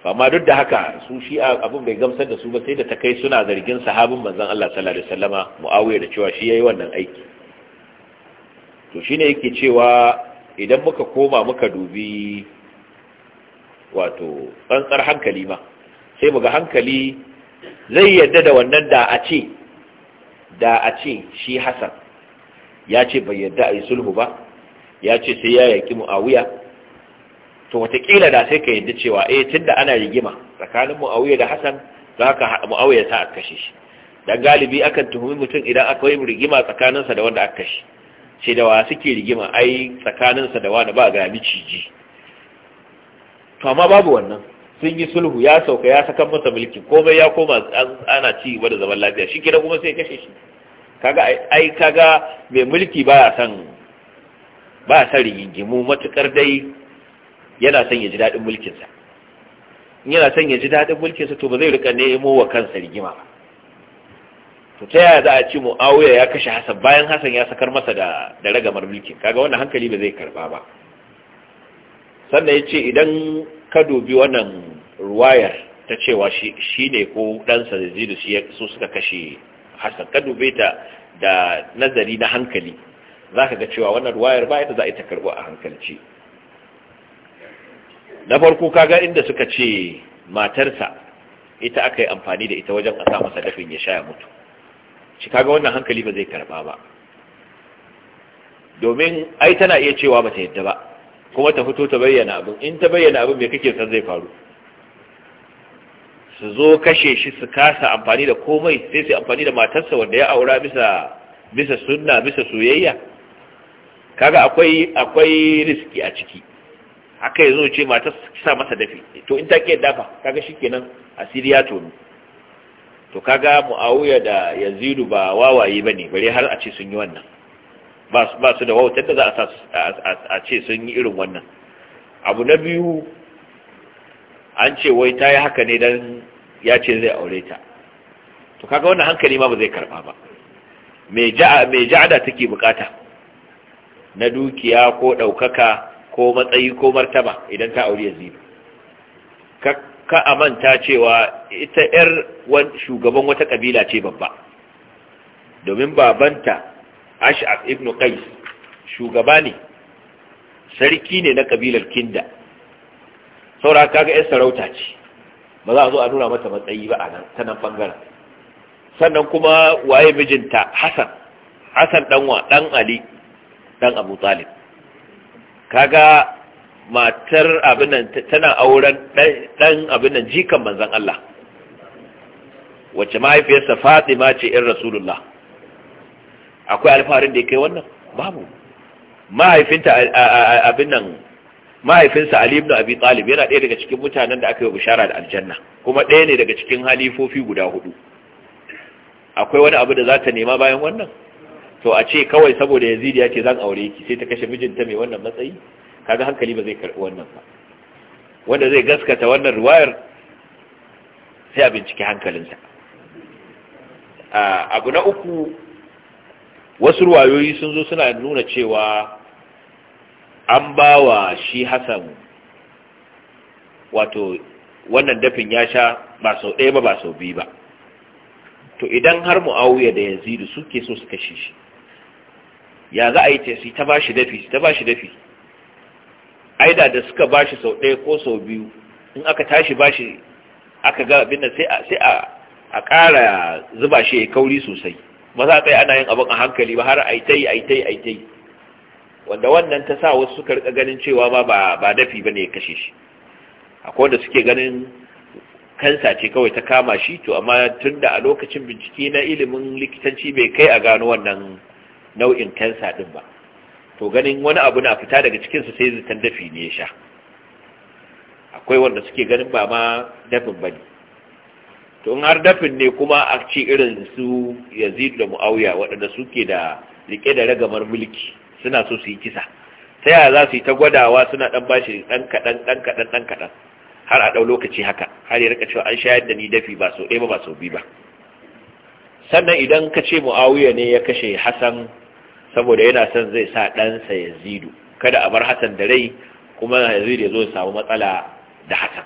amma duk da haka su shi abin bai gamsar da su ba sai da ta kai suna zargin sahabin manzon Allah sallallahu alaihi wasallama muawiya da cewa shi yayi wannan aiki to shine yake cewa idan muka koma muka dubi wato tsantsar hankali ma sai muga hankali zai yadda da wannan da a ce da a ce shi Hassan ya ce bai yadda a yi sulhu ba ya ce sai ya yaki mu'awiya to watakila da sai ka yadda cewa eh tun da ana rigima tsakanin mu'awiya da hasan za ka mu'awiya sa a kashe shi dan galibi akan tuhumi mutum idan aka yi rigima tsakaninsa da wanda aka kashe ce da wa suke rigima ai tsakaninsa da wanda ba ga miciji to amma babu wannan sun yi sulhu ya sauka ya sakan masa mulki komai ya koma ana ci gaba da zaman lafiya shi kira kuma sai kashe shi kaga ai kaga mai mulki baya san ba son rigingimu matukar dai yana son ya ji daɗin mulkinsa in yana son ya ji daɗin mulkinsa to ba zai rika nemo wa kansa rigima ba to ta yaya za a ci mu'awiya ya kashe hasan bayan Hassan ya sakar masa da da ragamar mulkin kaga wannan hankali ba zai karba ba sannan ya ce idan ka dubi wannan ruwayar ta cewa shi ne ko ɗansa da zidu su suka kashe hasan ka dube ta da nazari na hankali za ka ga cewa wannan ruwayar ba ita za a yi ta karbo a hankalci na farko kaga inda suka ce matarsa ita aka yi amfani da ita wajen a sa masa dafin ya shaya mutu shi kaga wannan hankali ba zai karɓa ba domin ai tana iya cewa ba ta yadda ba kuma ta fito ta bayyana abin in ta bayyana abin me kake san zai faru su zo kashe shi su kasa amfani da komai sai su amfani da matarsa wanda ya aura bisa bisa sunna bisa soyayya kaga akwai akwai riski a ciki haka yazo ce matar sa masa dafi to in ta ke dafa kaga shikenan asiri ya tonu to kaga muawiya da yazidu ba wawaye bane bare har a ce sun yi wannan ba su da wautar da za a ce sun yi irin wannan abu na biyu an ce wai ta yi haka ne don ya ce zai aure ta to kaga wannan hankali ma ba zai karba ba mai ja'ada take bukata na dukiya ko ɗaukaka ko matsayi ko martaba idan ta aure yanzu. ka manta cewa ita 'yar shugaban wata kabila ce babba domin babanta ash'af ibn qais shugaba ne sarki ne na kabilar kinda saura kaga yan sarauta ce ba za a zo a nuna mata matsayi ba a nan ta nan bangaren sannan kuma waye mijinta Hassan Hassan danwa dan Ali dan Abu Talib kaga matar abin nan tana auren dan abin nan jikan manzon Allah wacce mahaifiyarsa Fatima ce in Rasulullah akwai alfaharin da yake wannan babu mahaifinta abin nan mahaifinsa Ali ibn Abi Talib yana ɗaya daga cikin mutanen da aka yi bishara da aljanna kuma ɗaya ne daga cikin halifofi guda hudu akwai wani abu da za ta nema bayan wannan to a ce kawai saboda Yazid ya ce zan aure ki sai ta kashe mijinta mai wannan matsayi kaga hankali ba zai karbi wannan ba wanda zai gaskata wannan riwayar sai a binciki hankalinsa abu na uku wasu ruwayoyi sun zo suna nuna cewa an ba wa shi hassan wato wannan dafin ya sha ba sau ɗaya ba ba sau biyu ba to idan har mu'awiya da yanzu suke so su kashe shi ya za a yi tafi ta ba shi dafi ta ba shi dafi aida da suka ba shi sau ɗaya ko sau biyu in aka tashi ba shi aka ga abin da sai a ƙara zuba shi ya kauri sosai ba za a tsaye ana yin abin a hankali ba har yi ta yi wanda wannan ta sa wasu suka rika ganin cewa ma ba dafi bane ya kashe shi akwai wanda suke ganin kansa ce kawai ta kama shi to amma tunda a lokacin bincike na ilimin likitanci bai kai a gano wannan nau'in kansa din ba to ganin wani abu na fita daga cikin su sai zitan dafi ne ya sha akwai wanda suke ganin ba ma dafin bane to in har dafin ne kuma a ci irin su Yazid da Muawiya waɗanda suke da rike da ragamar mulki suna so su yi kisa ta yaya za su yi ta gwadawa suna dan bashi dan kadan ɗan kaɗan-ɗan kadan har a dau lokaci haka har ya rika cewa an shayar da ni dafi ba so ɗaya ba ba so biyu ba sannan idan ka ce muawiya ne ya kashe hasan saboda yana son zai sa ɗansa ya yazidu kada a bar hasan da rai kuma yazidu ya zo ya samu matsala da hasan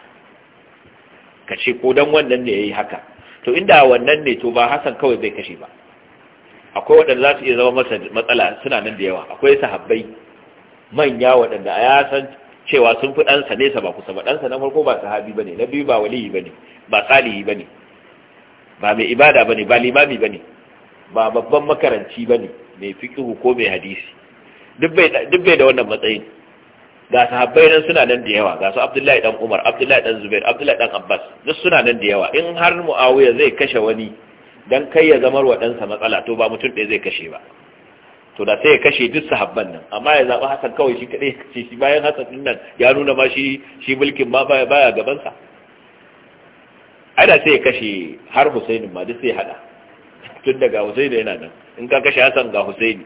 ka ce ko dan wannan ne ya yi haka to inda wannan ne to ba hasan kawai zai kashe ba akwai waɗanda za su iya zama masa matsala suna nan da yawa akwai sahabbai manya waɗanda a ya san cewa sun fi ɗansa nesa ba kusa ba ɗansa na farko ba sahabi ba ne na biyu ba waliyi ba ne ba tsalihi ba ne ba mai ibada ba ne ba limami ba ne ba babban makaranci ba ne mai fikihu ko mai hadisi duk bai da wannan matsayin ga sahabbai nan suna nan da yawa ga su abdullahi dan umar abdullahi dan zubair abdullahi dan abbas duk suna nan da yawa in har muawiya zai kashe wani dan kai ya zamar wa ɗansa matsala to ba mutum ɗaya zai kashe ba to da sai ya kashe duk sahabban nan amma ya zaɓi hasan kawai shi kaɗai ce shi bayan hasan ɗin nan ya nuna ma shi shi mulkin ma baya baya gabansa da sai ya kashe har husainin ma duk sai haɗa tun daga husaini yana nan in ka kashe hasan ga husaini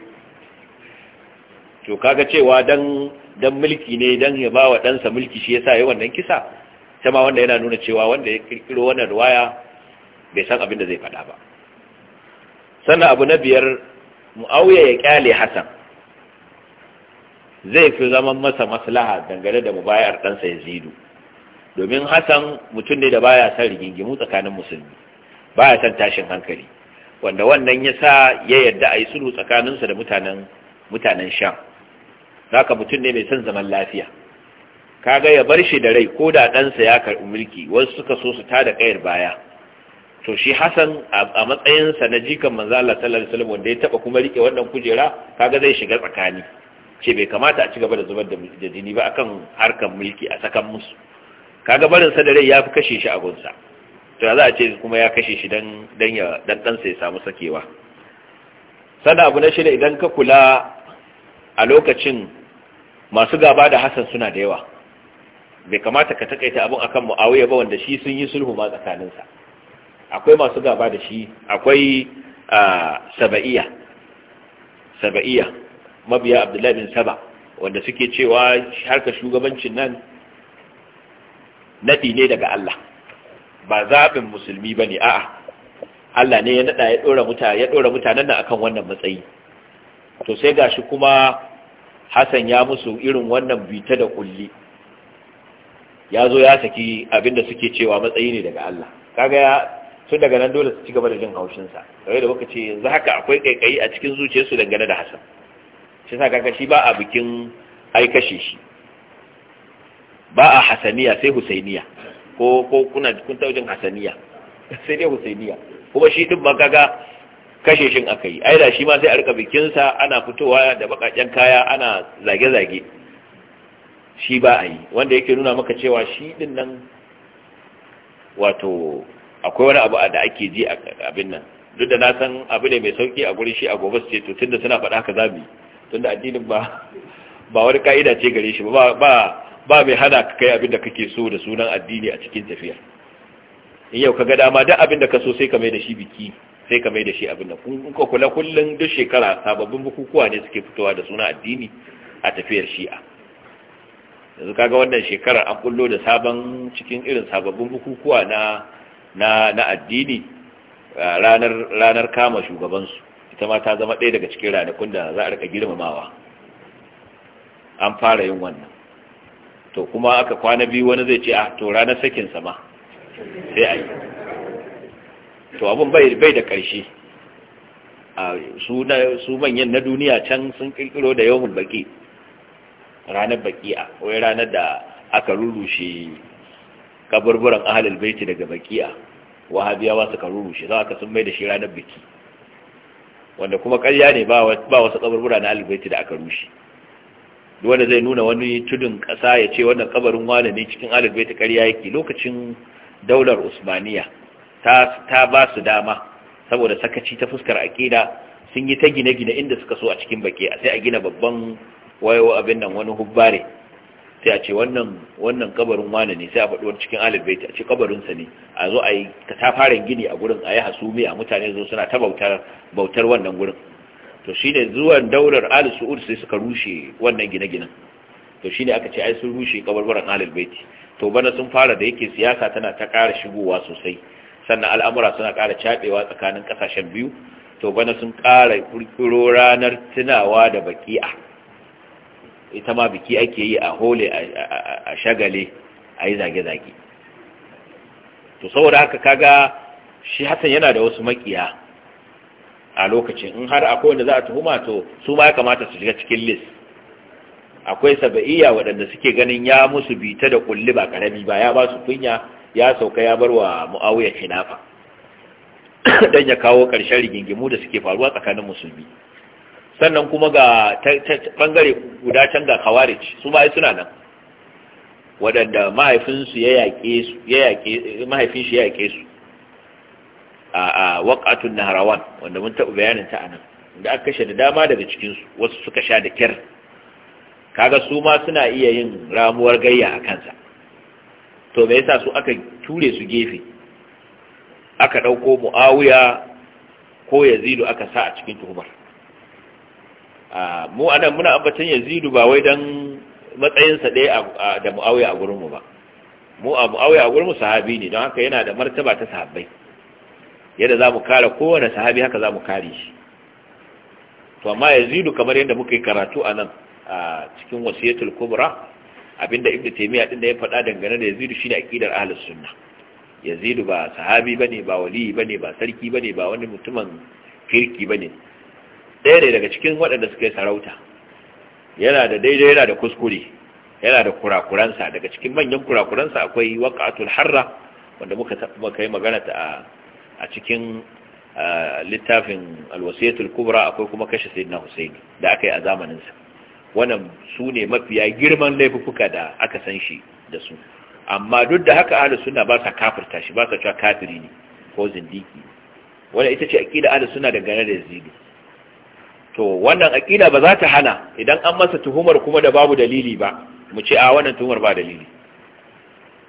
to kaga cewa dan dan mulki ne dan ya bawa ɗansa mulki shi yasa yi wannan kisa ma wanda yana nuna cewa wanda ya kirkiro wannan ruwaya bai san abin da zai faɗa ba sannan abu na biyar mu'awiya ya kyale hasan zai fi zaman masa maslaha dangane da mubayar ɗansa ya zidu domin hasan mutum ne da baya son rigingimu tsakanin musulmi baya son tashin hankali wanda wannan ya sa ya yarda a yi sulhu tsakaninsa da mutanen mutanen sham haka mutum ne mai son zaman lafiya kaga ya bar shi da rai ko da ɗansa ya karɓi mulki wasu suka so su tada kayar baya to shi Hassan a matsayinsa na jikan Manzala Allah sallallahu wanda ya taba kuma rike wannan kujera kaga zai shiga tsakani ce bai kamata a ci da zubar da jini ba akan harkan mulki a sakan musu kaga barin sa da rai ya fi kashe shi a gunsa to za a ce kuma ya kashe shi dan dan ya dan dan sai samu sakewa sada abu na shida idan ka kula a lokacin masu gaba da Hassan suna da yawa bai kamata ka takaita abun akan Muawiya ba wanda shi sun yi sulhu ma tsakaninsa akwai masu gaba da shi akwai saba'iya saba'iya mabiya abdullahi bin saba wanda suke cewa harka shugabancin nan naɗi ne daga Allah ba zaɓin musulmi ba ne a'a Allah ne ya naɗa ya ɗora ya mutanen nan akan wannan matsayi to sai gashi kuma Hassan ya musu irin wannan bita da kulli ya zo ya saki abinda suke cewa matsayi ne daga Allah kaga su daga nan dole su ci gaba da jin haushinsa kawai da muka ce yanzu haka akwai kaikayi a cikin zuciyarsu dangane da Hassan. shi sa kaka shi ba a bikin ai kashe shi ba a hasaniya sai husainiya ko ko kuna kun taujin hasaniya sai dai husainiya kuma shi duk ba kaga kashe shin aka yi ai da shi ma sai a rika bikinsa ana fitowa da bakakken kaya ana zage-zage shi ba a yi wanda yake nuna maka cewa shi din nan wato akwai wani abu da ake ji a abin nan duk da na san abu ne mai sauki a gurin shi a gobe su ce to tunda suna faɗa haka zabi tunda addinin ba ba wani ka'ida ce gare shi ba ba ba mai hana ka kai abin da kake so da sunan addini a cikin tafiya in yau ga dama duk abin da ka so sai ka mai da shi biki sai ka mai da shi abin da kun ka kula kullun duk shekara sababbin bukukuwa ne suke fitowa da sunan addini a tafiyar shi'a yanzu kaga wannan shekarar an kullo da sabon cikin irin sababbin bukukuwa na na na addini ranar ranar kama shugabansu ita ma ta zama ɗaya daga cikin ranakun da za a rika girmamawa an fara yin wannan to kuma aka kwana biyu wani zai ce a ah, to ranar sakin sama sai a yi to abin bai da ƙarshe su manyan na duniya can sun kirkiro da yawon baki ranar a, wai ranar da aka rurushe kaburburan ahalul baiti daga baki'a wahabiyawa suka rurushe za ka sun mai da shi ranar biki wanda kuma ƙarya ne ba wasu kaburbura na ahalul baiti da aka rushe duk wanda zai nuna wani tudun ƙasa ya ce wannan kabarin wani ne cikin ahalul baiti ƙarya yake lokacin daular usmaniya ta ta ba su dama saboda sakaci ta fuskar aqida sun yi ta gine-gine inda suka so a cikin baki sai a gina babban wayo abin nan wani hubbare sai a ce wannan wannan kabarin wane ne sai a faɗi cikin alibai a ce kabarinsa ne a zo a yi gini a gurin a yi hasumi a mutane zo suna ta bautar wannan gurin to shi ne zuwan daular alisu su'ud sai suka rushe wannan gine-ginen to shi ne aka ce ai sun rushe kabarbaran alibai to bana sun fara da yake siyasa tana ta kara shigowa sosai sannan al'amura suna kara caɓewa tsakanin kasashen biyu to bana sun kara ƙirƙiro ranar tunawa da baki'a ita ma biki ake yi a hole a shagale a yi zage-zage to saboda haka kaga shi hassan yana da wasu makiya a lokacin in har akwai wanda za a tuhuma to su ma ya kamata su shiga cikin lis. akwai saba'iyya waɗanda suke ganin ya musu bita da kulli ba karami ba ya ba su kunya ya sauka ya bar wa mu'awiyar shinafa. don ya kawo ƙarshen rigingimu da suke faruwa tsakanin musulmi sannan kuma ga bangare guda can ga kawarij su ma suna nan waɗanda mahaifinsu ya yaƙe su ya yaƙe mahaifin shi ya yaƙe su a a na harawan wanda mun taɓa bayanin ta anan da aka kashe da dama daga cikinsu su wasu suka sha da kyar kaga su ma suna iya yin ramuwar gayya a kansa to me yasa su aka ture su gefe aka ɗauko mu'awiya ko yazidu aka sa a cikin tuhumar mu anan muna ambacin yazidu ba wai dan matsayinsa ɗaya da mu'awiya a gurinmu ba mu a mu'awiya a gurinmu sahabi ne don haka yana da martaba ta sahabbai yadda za mu kare kowane sahabi haka za mu kare shi to amma yazidu kamar yadda muka yi karatu a nan a cikin wasiyatul kubra abinda ibnu taymiya din da ya faɗa dangane da yazidu shine aqidar ahlus sunna yazidu ba sahabi bane ba wali bane ba sarki bane ba wani mutumin kirki bane ɗaya ne daga cikin waɗanda suka sarauta yana da daidai yana da kuskure yana da kurakuransa daga cikin manyan kurakuransa akwai waƙatul harra wanda muka muka yi magana ta a cikin littafin alwasiyatul kubra akwai kuma kashe sayyidina husaini da aka yi a zamaninsa. wannan su ne mafiya girman laifuka da aka san shi da su amma duk da haka ahlus sunna ba sa kafirta shi ba sa cewa kafiri ne ko zindiki wannan ita ce aqida ahlus sunna dangane da zindiki to wannan aƙida ba za ta hana idan an masa tuhumar kuma da babu dalili ba mu ce a wannan tuhumar ba dalili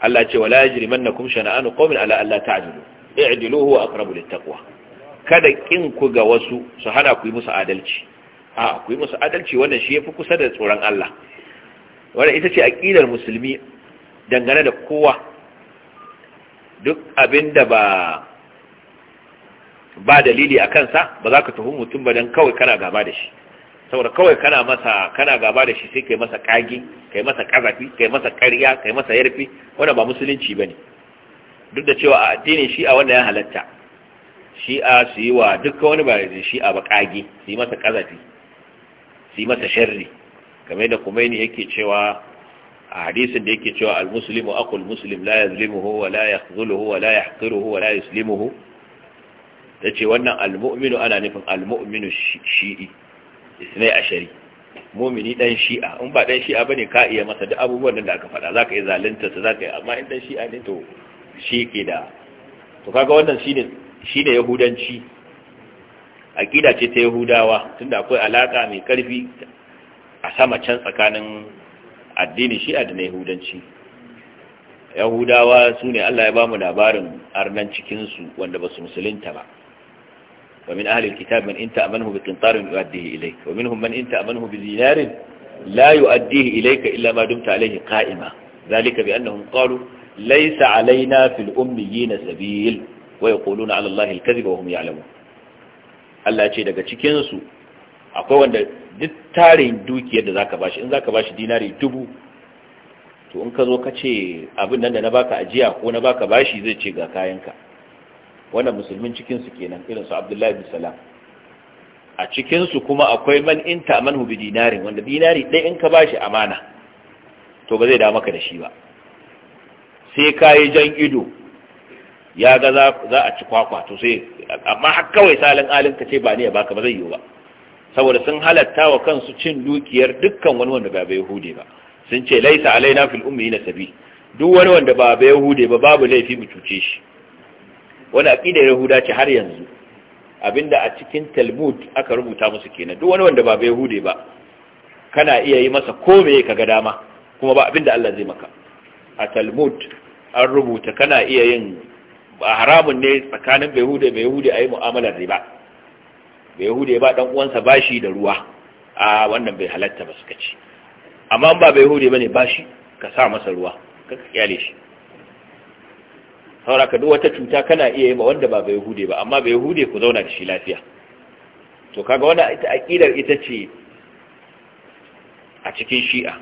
Allah ce wala yajrimannakum shana'anu qawmin ala alla ta'dilu i'dilu huwa aqrabu littaqwa kada kin ku ga wasu su hana ku yi musu adalci a ku yi musu adalci wannan shi yafi kusa da tsoron Allah wannan ita ce aqidar musulmi dangane da kowa duk abinda ba ba dalili a kansa ba za ka tuhumi mutum ba don kawai kana gaba da shi saboda kawai kana masa kana gaba da shi sai kai masa kagi kai masa kazafi kai masa ƙarya kai masa yarfi wanda ba musulunci ba ne. duk da cewa a addinin shi'a wanda ya halatta shi'a su yi wa dukkan wani bayanin da shi'a ba kagi su yi masa kazafi su yi masa sharri kamar da kuma ne yake cewa a hadisin da yake cewa al-muslimu aqul muslim la yazlimuhu wa la yakhzuluhu wa la yahqiruhu wa la yuslimuhu ta ce wannan almu'minu ana nufin almu'minu shi'i isnai ashari mumini dan shi'a in ba dan shi'a bane ka iya masa duk abubuwan da aka faɗa zaka yi zalunta za zaka yi amma in dan shi'a ne to shi ke da to kaga wannan shine shine yahudanci akida ce ta yahudawa tunda akwai alaka mai karfi a sama can tsakanin addini shi'a da na yahudanci yahudawa sune allah ya ba mu labarin arnan cikinsu wanda ba su musulunta ba ومن أهل الكتاب من إن تأمنه بقنطار يؤديه إليك ومنهم من إن تأمنه بدينار لا يؤديه إليك إلا ما دمت عليه قائما ذلك بأنهم قالوا ليس علينا في الأميين سبيل ويقولون على الله الكذب وهم يعلمون Allah ce daga cikinsu akwai wanda duk tarin dukiyar da zaka bashi in zaka bashi dinari dubu to in ka zo ka ce abin nan da na baka ajiya ko na baka bashi zai ce ga kayanka wannan musulmin cikinsu kenan irinsu abdullahi bin salam a cikinsu kuma akwai man inta manhu bi dinari wanda dinari ɗaya in ka bashi amana to ba zai da maka da shi ba sai ka jan ido ya ga za a ci kwakwa to sai amma har kawai salin alin ka ce ba ne ya baka ba zai yi ba saboda sun halatta wa kansu cin dukiyar dukkan wani wanda ba bai hude ba sun ce laisa alaina fil ummi na sabi duk wani wanda ba bai hude ba babu laifi mu cuce shi wani aqidar yahuda ce har yanzu abinda a cikin talmud aka rubuta musu kenan duk wani wanda ba bai hude ba kana iya yi masa ko me ga dama kuma ba abinda Allah zai maka a talmud an rubuta kana iya yin ba haramun ne tsakanin bai hude. bai yahude ayi mu'amalar riba bai hude ba dan uwansa bashi da ruwa a wannan bai halatta ba suka ce amma ba bai hude bane bashi ka sa masa ruwa ka kyale shi sauraka duk wata cuta kana iya yi ma wanda ba bai hude ba amma bai hude ku zauna da shi lafiya to kaga wannan ita aqidar ita ce a cikin shi'a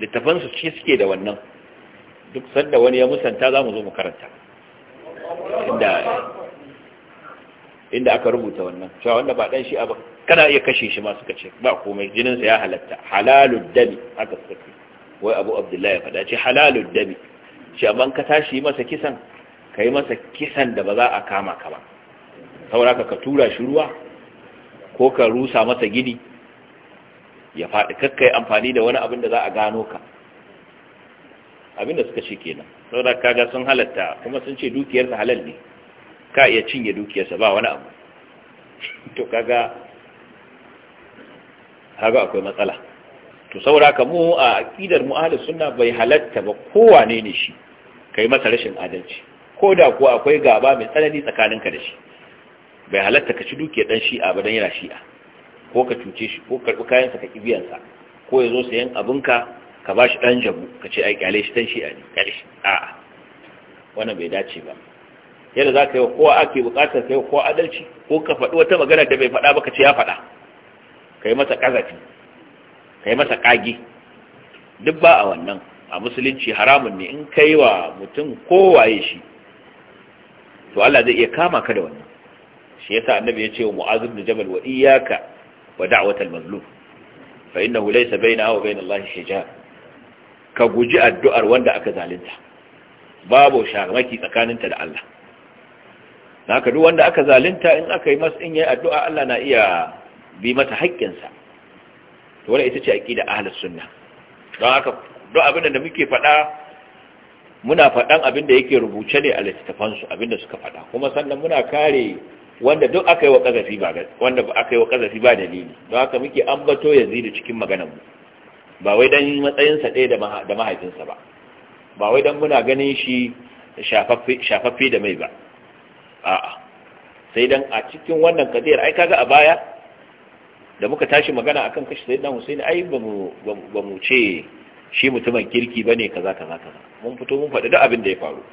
littafan su ce suke da wannan duk sanda wani ya musanta zamu zo mu karanta inda inda aka rubuta wannan cewa wanda ba dan shi'a ba kana iya kashe shi ma suka ce ba komai jinin sa ya halatta halalud dami haka suka wai abu abdullahi ya faɗa ce halalud dami shi amma ka tashi masa kisan ka yi masa kisan da ba za a kama ka ba saboda ka tura shi ruwa ko ka rusa masa gini ya faɗi kakkai amfani da wani abin da za a gano ka abin da suka ce kenan saboda kaga sun halatta kuma sun ce dukiyarsa halal ne ka iya cinye dukiyarsa ba wani abu to kaga kaga akwai matsala to saboda ka mu a aqidar mu suna sunna bai halatta ba kowane ne shi kai masa rashin adalci ko da kuwa akwai gaba mai tsanani tsakaninka da shi bai halatta ka ci dukiyar dan shi'a ba dan yana shi'a ko ka cuce shi ko karbi kayansa ka kibiyansa ko ya zo sayan abinka ka ba shi dan jabu ka ce ai kyale shi dan shi'a ne kyale shi a'a wannan bai dace ba yadda za ka yi kowa ake bukatar ka yi kowa adalci ko ka faɗi wata magana da bai faɗa ba ka ce ya faɗa ka yi masa ƙazafi ka yi masa ƙage duk ba a wannan a musulunci haramun ne in ka wa mutum kowaye shi to Allah zai iya kama ka da wannan shi yasa annabi ya ce wa mu'az ibn jabal wa iyyaka wa da'watal mazlum fa innahu laysa bainaha wa bainal lahi ka guji addu'ar wanda aka zalunta babu shamaki tsakaninta da Allah haka duk wanda aka zalunta in aka yi masa in yi addu'a Allah na iya bi mata haƙƙinsa to wannan ita ce aqida ahlus sunna don haka duk abin da muke faɗa muna faɗan abin da yake rubuce ne a littattafansu abin da suka faɗa kuma sannan muna kare wanda duk aka yi wa ƙazafi ba wanda aka yi wa ƙazafi ba dalili don haka muke ambato yazidi cikin maganar mu ba wai dan matsayinsa ɗaya da mahaifinsa ba ba wai dan muna ganin shi shafaffe da mai ba a'a sai dan a cikin wannan kadiyar ai kaga a baya da muka tashi magana akan kashi sayyidina Hussein ai ba mu ba mu ce shi mutumin kirki bane kaza kaza kaza mun fito mun faɗi da abin da ya faru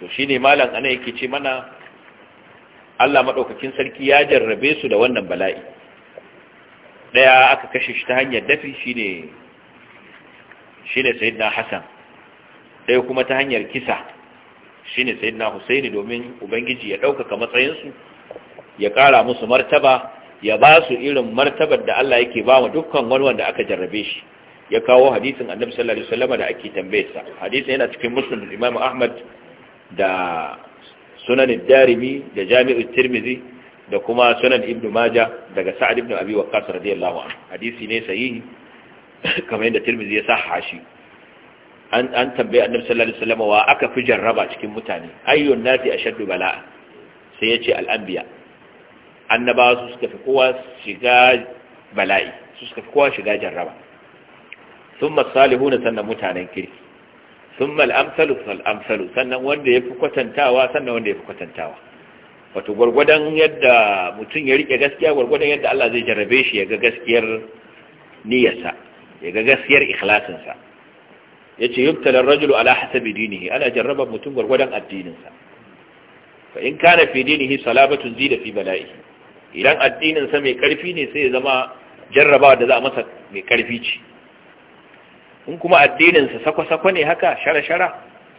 to ne malam ana yake ce mana Allah maɗaukakin sarki ya jarrabe su da wannan bala'i Ɗaya aka kashe shi ta hanyar dafi shine shine sayyidina Hassan Ɗaya kuma ta hanyar kisa shine sayyidina Husaini domin ubangiji ya ɗaukaka matsayinsu, ya ƙara musu martaba ya ba su irin martabar da Allah yake ba mu dukkan wani wanda aka jarrabe shi ya kawo hadisin annabi sallallahu alaihi wasallam da ake tambaye tambayarsa hadisin yana cikin muslim imam ahmad da sunan darimi da jami'u tirmizi da kuma sunan ibnu majah daga sa'ad ibn abi waqqas radiyallahu anhu hadisi ne sahihi kamar yadda tirmizi ya sahha shi an an tambaye annabi sallallahu alaihi wasallam wa aka fi jarraba cikin mutane ayyun nati ashaddu bala'a sai yace al-anbiya annabawa su suka fi kowa shiga bala'i su suka fi kowa shiga jarraba thumma na sannan mutanen kirki Sun malamsalu amsalu fal-amsalu sannan wanda kwatantawa sannan wanda fi kwatantawa wato gurgurdan yadda mutum ya rike gaskiya gurgurdan yadda Allah zai jarrabe shi ya ga gaskiyar niyyarsa ya ga gaskiyar ikhlasinsa yace yubtala ar-rajulu ala hasabi dinihi ana jarraba mutum gurgurdan addininsa fa in kana fi dinihi salabatun zida fi bala'ihi idan addininsa mai karfi ne sai ya zama jarrabawa da za a masa mai karfi ce in kuma addininsa sako-sako ne haka shara-shara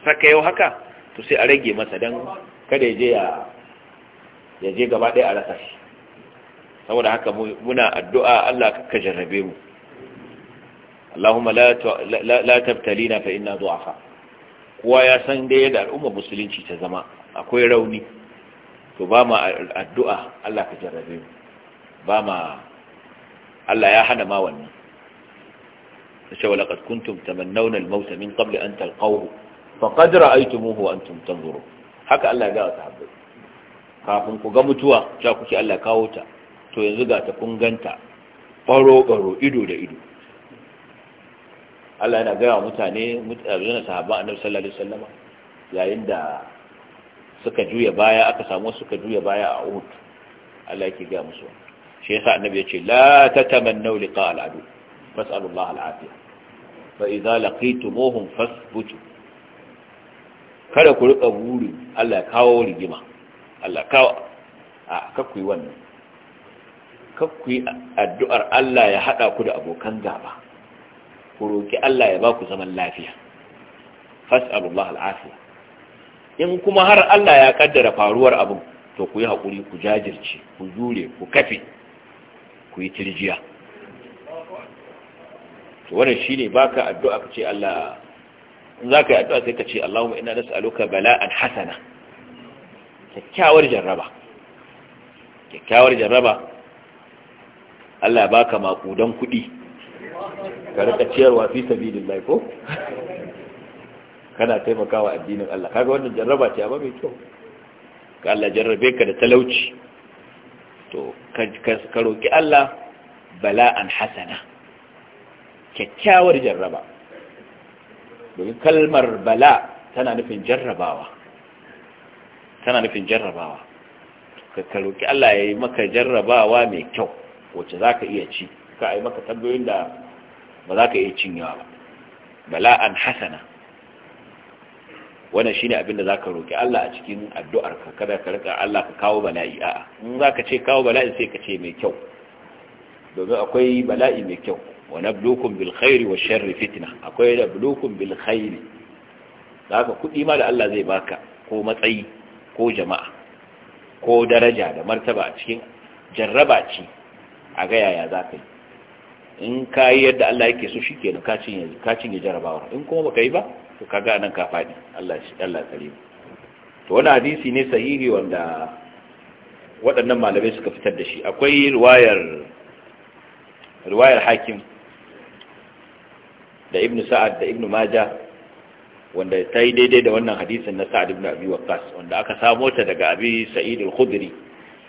saka yau haka to sai a rage masa don kada ya je ya je gaba ɗaya a rasa shi saboda haka muna addu'a Allah ka jarrabe mu Allahumma la tabtalina fa inna du'afa kowa ya san da yadda al'umma musulunci ta zama akwai rauni to ba ma addu'a Allah ka jarrabe mu ba ma Allah ya hana ma wannan ce wa laqad kuntum tamannawna al-maut min qabli an talqahu faqad ra'aytumuhu wa antum tanzurun haka Allah ya ga sahabbai kafin ku ga mutuwa cewa kuke Allah kawo ta to yanzu ga ta kunganta ganta baro ido da ido Allah yana gaya mutane mutane sahabban annabi sallallahu alaihi wasallam yayin da suka juya baya aka samu suka juya baya a Uhud Allah yake ga musu shi yasa annabi ya ce la tatamannu liqa al-adu fas'alullaha al-afiya fa idza laqitumuhum fasbutu kada ku rika buri Allah ya kawo rigima Allah kawo a kakku yi wannan kakku yi addu'ar Allah ya hada ku da abokan gaba ku roki Allah ya ba ku zaman lafiya fas'alullah al'afiya in kuma har Allah ya kaddara faruwar abin to ku yi hakuri ku jajirce ku jure ku kafe ku yi tirjiya to wannan shine baka addu'a kace Allah in za ka yi addu'a sai kace Allahumma inna nas'aluka bala'an hasana kyakkyawar jarraba kyakkyawar jarraba Allah baka makudan kuɗi ka rika ciyarwa fi sabilillah ko kana taimakawa addinin Allah kaga wannan jarraba ce amma mai kyau ka Allah jarrabe ka da talauci to ka roki Allah bala'an hasana kyakkyawar jarraba domin kalmar bala tana nufin jarrabawa tana nufin jarrabawa ka roki Allah ya yi maka jarrabawa mai kyau wacce za ka iya ci ka yi maka tambayoyin da ba za ka iya cinyewa ba bala'an hasana wannan shine abin da ka roki Allah a cikin addu'arka kada ka rika Allah ka kawo bala'i a'a in ka ce kawo bala'i sai ka ce mai kyau domin akwai bala'i mai kyau wa nabluukum bil khairi sharri fitna akwai da nabluukum bil khairi haka kudi ma da Allah zai baka ko matsayi ko jama'a ko daraja da martaba a cikin jarraba ce a ga yaya za ka yi in ka yi yadda Allah yake so shi kenan ka ya jarabawa in kuma baka yi ba to ka ga nan ka faɗi Allah ya kare mu to wani hadisi ne sahihi wanda waɗannan malamai suka fitar da shi akwai riwayar riwayar hakim da ibn sa'ad da ibn maja wanda ta yi daidai da wannan hadisin na sa'ad ibn abi waqqas wanda aka samo ta daga abi sa'id al-khudri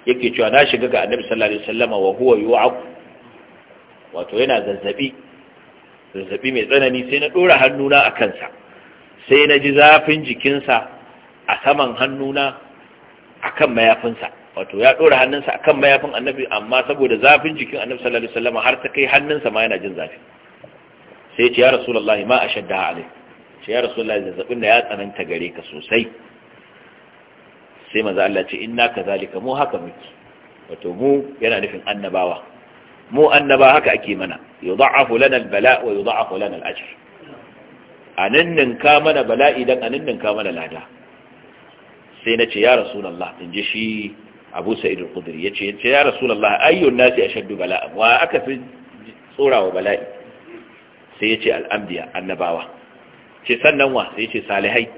yake cewa na shiga ga annabi sallallahu alaihi wasallama wa huwa yu'aq wato yana zazzabi zazzabi mai tsanani sai na dora hannuna a kansa sai na ji zafin jikinsa a saman hannuna akan mayafinsa wato ya dora hannunsa akan mayafin annabi amma saboda zafin jikin annabi sallallahu alaihi wasallama har ta kai hannunsa ma yana jin zafi sai ce ya rasulullahi ma a ashadda alai ce ya rasulullahi zazzabin da ya tsananta gare ka sosai sai Maza Allah ce inna kazalika mu haka muke wato mu yana nufin annabawa mu annaba haka ake mana yudha'afu lana albala wa yudha'afu lana A aninnin ka mana bala'i a aninnin ka mana lada sai na ce ya rasulullah in ji shi Abu Sa'id al Ya yace ya rasulullah ayyun nasi ashaddu bala'a wa aka fi tsorawa bala'i sai ya ce al'ambiya annabawa ce sannan wa sai ya ce salihai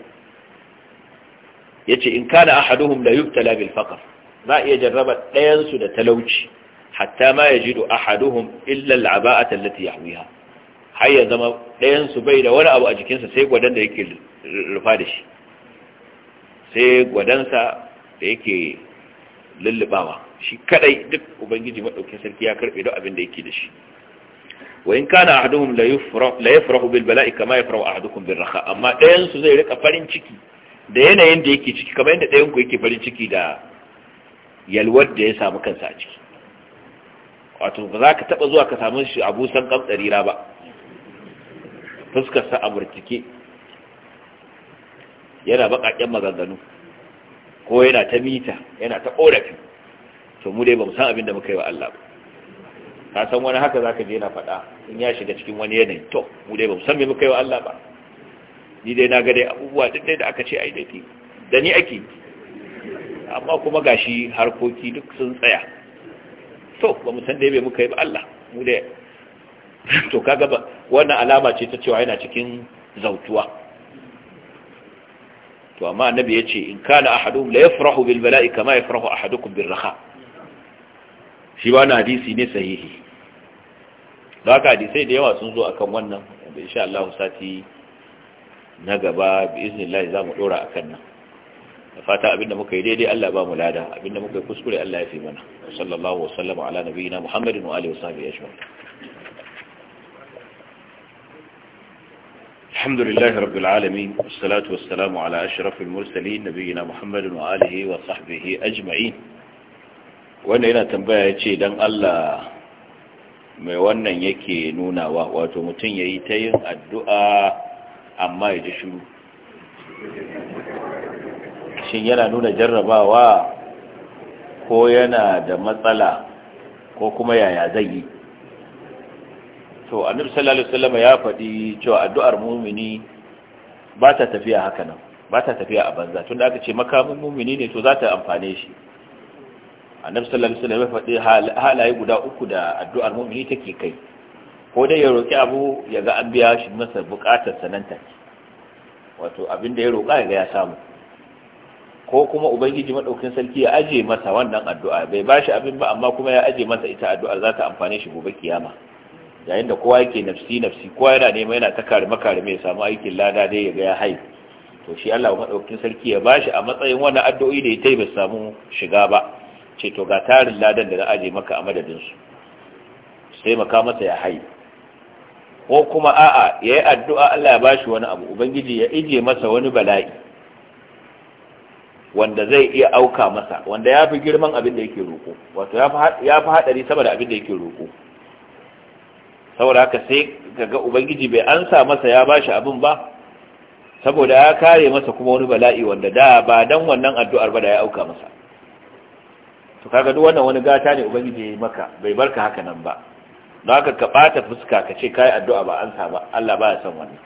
ya ce in kana ahaduhum da yubtala bil faqr za a iya jarraba ɗayansu da talauci hatta ma ya ji yajidu ahaduhum illa al'aba'ata allati yahwiha har ya zama ɗayansu bai da wani abu a jikinsa sai gwadon da yake rufa da shi sai gwadansa da yake lullubawa shi kadai duk ubangiji maɗaukin sarki ya karɓe duk abin da yake da shi wa in kana ahaduhum la yafrahu la yafrahu bil bala'i kama yafrahu ahadukum bir raha amma ɗayan su zai rika farin ciki da yanayin da yake ciki kamar yadda ɗayan ku yake farin ciki da yalwar da ya samu kansa a ciki wato ba za ka taba zuwa ka samu shi abu san kamtsarira ba fuskarsa a burtike yana baƙaƙen maganganu ko yana ta mita yana ta ƙorafi to mu dai ba mu san abin da muka yi wa Allah ba ka san wani haka zaka je na faɗa in ya shiga cikin wani yanayi to mu dai ba mu san me muka yi wa Allah ba ni dai na ga dai abubuwa duk dai da aka ce ai dai da ni ake amma kuma gashi harkoki duk sun tsaya to ba mu san dai me muka yi ba Allah mu dai to kaga ba wannan alama ce ta cewa yana cikin zautuwa to amma annabi yace in kana ahaduhum la yafrahu bil bala'i kama yafrahu ahadukum bir raha shi wani hadisi ne sahihi da haka hadisai da yawa sun zo a kan wannan da insha Allah sati na gaba bi iznillah za mu dora kan nan da fata abinda muka yi daidai Allah ba mu lada abinda muka yi kuskure Allah ya fi mana sallallahu wa sallama ala nabiyina muhammadin wa alihi wa sahbihi ajma'in الحمد لله رب العالمين ala والسلام على أشرف المرسلين نبينا محمد وآله وصحبه أجمعين وأنا هنا تنبيه يتشي دان الله mai wannan yake nunawa wato mutum ya yi ta yin addu'a amma ya ji shuru shin yana nuna jarrabawa ko yana da matsala ko kuma yaya zai yi to annabi sallallahu alaihi wasallam ya faɗi cewa addu'ar mumini ba ta tafiya haka nan ba ta tafiya a banza tunda aka ce makamin mumini ne to za ta amfane shi annabi sallallahu alaihi wasallam ya faɗi halaye guda uku da addu'ar mu'mini take kai ko dai ya roki abu ya ga an biya shi masa buƙatar sananta wato abin da ya roƙa ya ga ya samu ko kuma ubangiji madaukin sarki ya aje masa wannan addu'a bai bashi abin ba amma kuma ya aje masa ita addu'ar za ta amfane shi gobe kiyama yayin da kowa yake nafsi nafsi kowa yana nema yana ta kare makare mai samu aikin lada dai ya ga ya hai to shi Allah madaukin sarki ya bashi a matsayin wannan addu'o'i da ya tayi bai samu shiga ba ce to ga tarin ladan da na aje maka a madadinsu sai maka masa ya hayi ko kuma a'a ya yi addu'a Allah ya bashi wani abu ubangiji ya ije masa wani bala'i wanda zai iya auka masa wanda ya fi girman abin da yake roƙo wato ya fi haɗari sama da abin da yake roƙo saboda haka sai kaga ubangiji bai ansa masa ya bashi abin ba saboda ya kare masa kuma wani bala'i wanda da ba dan wannan addu'ar ba da ya auka masa to kaga duk wannan wani gata ne ubangiji ya yi maka bai barka haka nan ba don haka ka bata fuska ka ce kai addu'a ba an sa ba Allah ba ya san wannan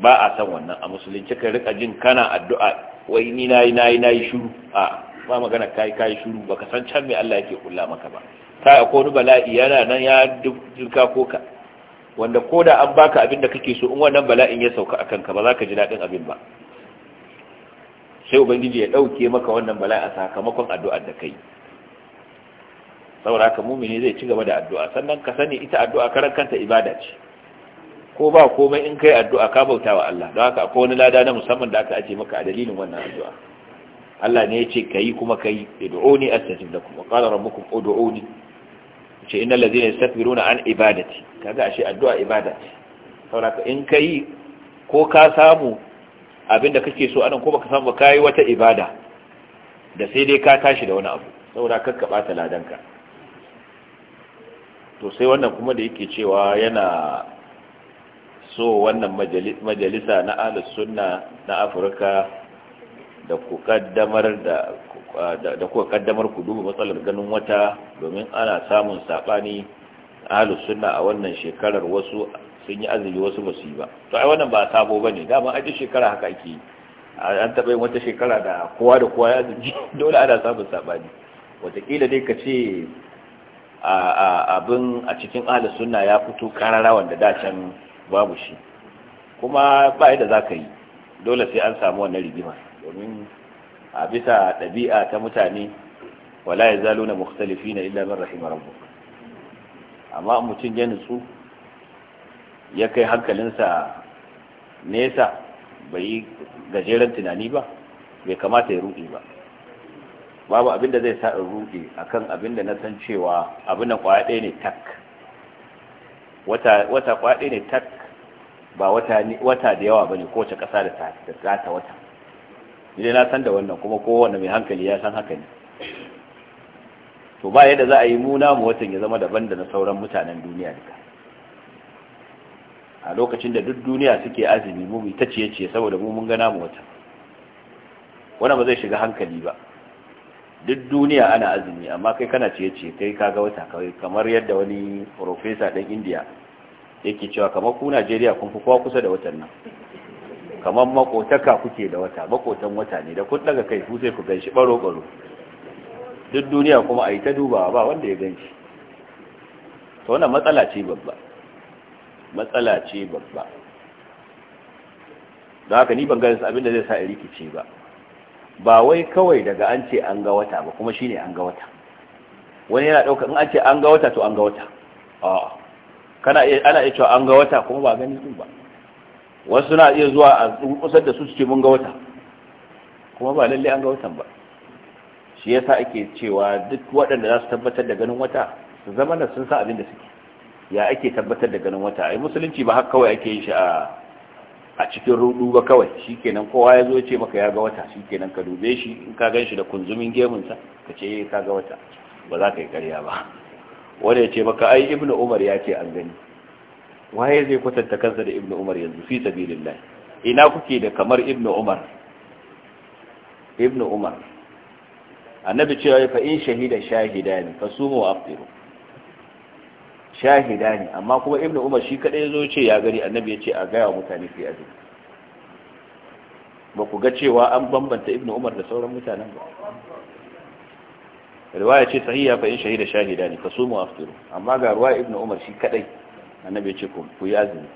ba a san wannan a musulunci ka rika jin kana addu'a wai ni nayi nayi nayi shiru a ba magana kai kai shiru baka san can me Allah yake kula maka ba kai akwai wani bala'i yana nan ya dirka ko ka wanda ko da an baka abin da kake so in wannan bala'in ya sauka akan ka ba za ka ji daɗin abin ba sai ubangiji ya dauke maka wannan bala'i a sakamakon addu'ar da kai saboda haka mumini zai ci gaba da addu'a sannan ka sani ita addu'a karan kanta ibada ce ko ba komai in kai addu'a ka bauta wa Allah don haka akwai wani lada na musamman da aka ace maka a dalilin wannan addu'a Allah ne ya ce kayi kuma kai ud'uni astajib lakum wa qala rabbukum ud'uni ce innal ladina yastakbiruna an ibadati kaga ashe addu'a ibada ce saboda in kai ko ka samu abinda kake so anan ko baka samu kai wata ibada da sai dai ka tashi da wani abu saboda kakka bata ladanka to sai wannan kuma da yake cewa yana so wannan majalisa na ahlus sunna na Afirka da ku kaddamar da da kuka kaddamar ku duba matsalar ganin wata domin ana samun sabani ahlus sunna a wannan shekarar wasu sun yi azumi wasu musiba to ai wannan ba sabo ba ne dama aji shekara haka ake yi an taba yin wata shekara da kowa da kowa ya azumi dole ana samun wata wataƙila dai ka ce abin a cikin ahli sunna ya fito karara wanda can babu shi kuma ba yadda za ka yi dole sai an samu wannan rigima domin a bisa ɗabi'a ta mutane wala ya zalo na mukhtalifi na illa man amma mutum ya nutsu ya kai hankalinsa nesa bai yi gajeren tunani ba bai kamata ya ruɗe ba babu abin da zai sa in ruɗe akan abin da na san cewa abin da kwaya ɗaya ne tak wata kwaya ɗaya ne tak ba wata da yawa ba ne kowace ƙasa da ta wata ne na san da wannan kuma kowane mai hankali ya san haka ne to ba yadda za a yi muna mu watan ya zama daban da na sauran mutanen duniya duka a lokacin da duk duniya suke azumi mu ta ciye ciye saboda mu mun gana mu wata wannan ba zai shiga hankali ba duk duniya ana azumi amma kai kana ciye ciye kai kaga wata kawai kamar yadda wani professor ɗan India yake cewa kamar ku Najeriya kun fi kowa kusa da watan nan kamar makotaka kuke da wata makotan wata ne da kun daga kai ku sai ku ganshi baro baro duk duniya kuma a ta dubawa ba wanda ya ganshi to wannan matsala ce babba matsala ce babba don haka ni ban ganin su abinda zai sa a rikice ba ba wai kawai daga an ce an ga wata ba kuma shi ne an ga wata wani yana ɗauka in an ce an ga wata to an ga wata kana ana iya cewa an ga wata kuma ba gani su ba wasu na iya zuwa a kusar da su su ce mun ga wata kuma ba lalle an ga watan ba shi yasa ake cewa duk waɗanda za su tabbatar da ganin wata su zama da sun sa abin da suke ya ake tabbatar da ganin wata ai musulunci ba haka kawai ake yin shi a a cikin rudu ba kawai shikenan kowa ya zo ce maka ya ga wata shikenan ka dube shi in ka gan shi da kunzumin gemunsa ka ce eh, ka ga wata ba za ka yi karya ba wanda ya ce maka ai ibnu umar ya ce an gani waye zai kwatanta kansa da ibnu umar yanzu fi sabilillah ina kuke da kamar ibnu umar ibnu umar annabi cewa fa in shahida shahidani fasumu aftiru shahida ne amma kuma ibnu umar shi kadai zo ce ya gari annabi ya ce a gaya wa mutane fi azumi ba ku ga cewa an bambanta ibnu umar da sauran mutanen ba riwaya ce sahiha fa in shahida shahida ne mu aftiru amma ga riwaya ibnu umar shi kadai annabi ya ce ku yi azumi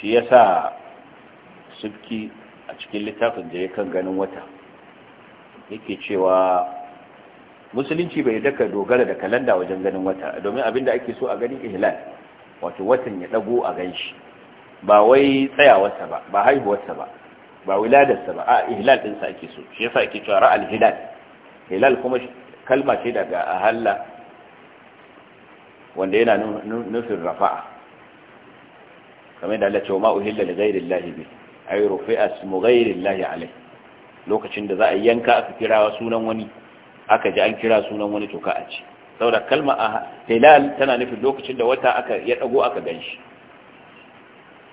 shi yasa subki a cikin littafin da ya kan ganin wata yake cewa musulunci bai daka dogara da kalanda wajen ganin wata domin abin da ake so a ganin ihlal wato watan ya dago a ganshi ba wai tsayawarsa ba ba haihuwarsa ba ba wiladarsa ba a ihlal ɗinsa ake so shi yasa ake cewa ra'al hilal hilal kuma kalma ce daga ahalla wanda yana nufin rafa'a kamar da Allah ce ma uhilla li ghairi llahi bi ay rufi'a ismu ghairi llahi alai lokacin da za a yanka aka kira sunan wani aka ji an kira sunan wani toka a ci saboda kalma a hilal tana nufin lokacin da wata aka ya dago aka ganshi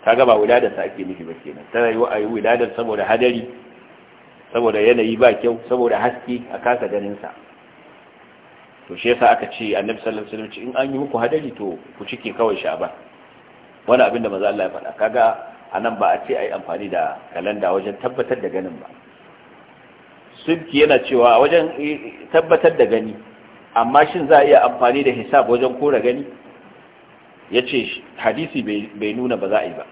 kaga ba wiladar sa ake nufi ba kenan tana yi wa'ayi wiladar saboda hadari saboda yanayi ba kyau saboda haske a kasa ganin sa to shi yasa aka ce annabi sallallahu alaihi wasallam in an yi muku hadari to ku cike kawai sha'ban wani abin da manzo Allah ya faɗa kaga anan ba a ce ai amfani da kalanda wajen tabbatar da ganin ba sirki yana cewa wajen eh, tabbatar da gani amma shin za a iya amfani da hisab wajen kora gani ya ce hadisi bai nuna ba za a yi ba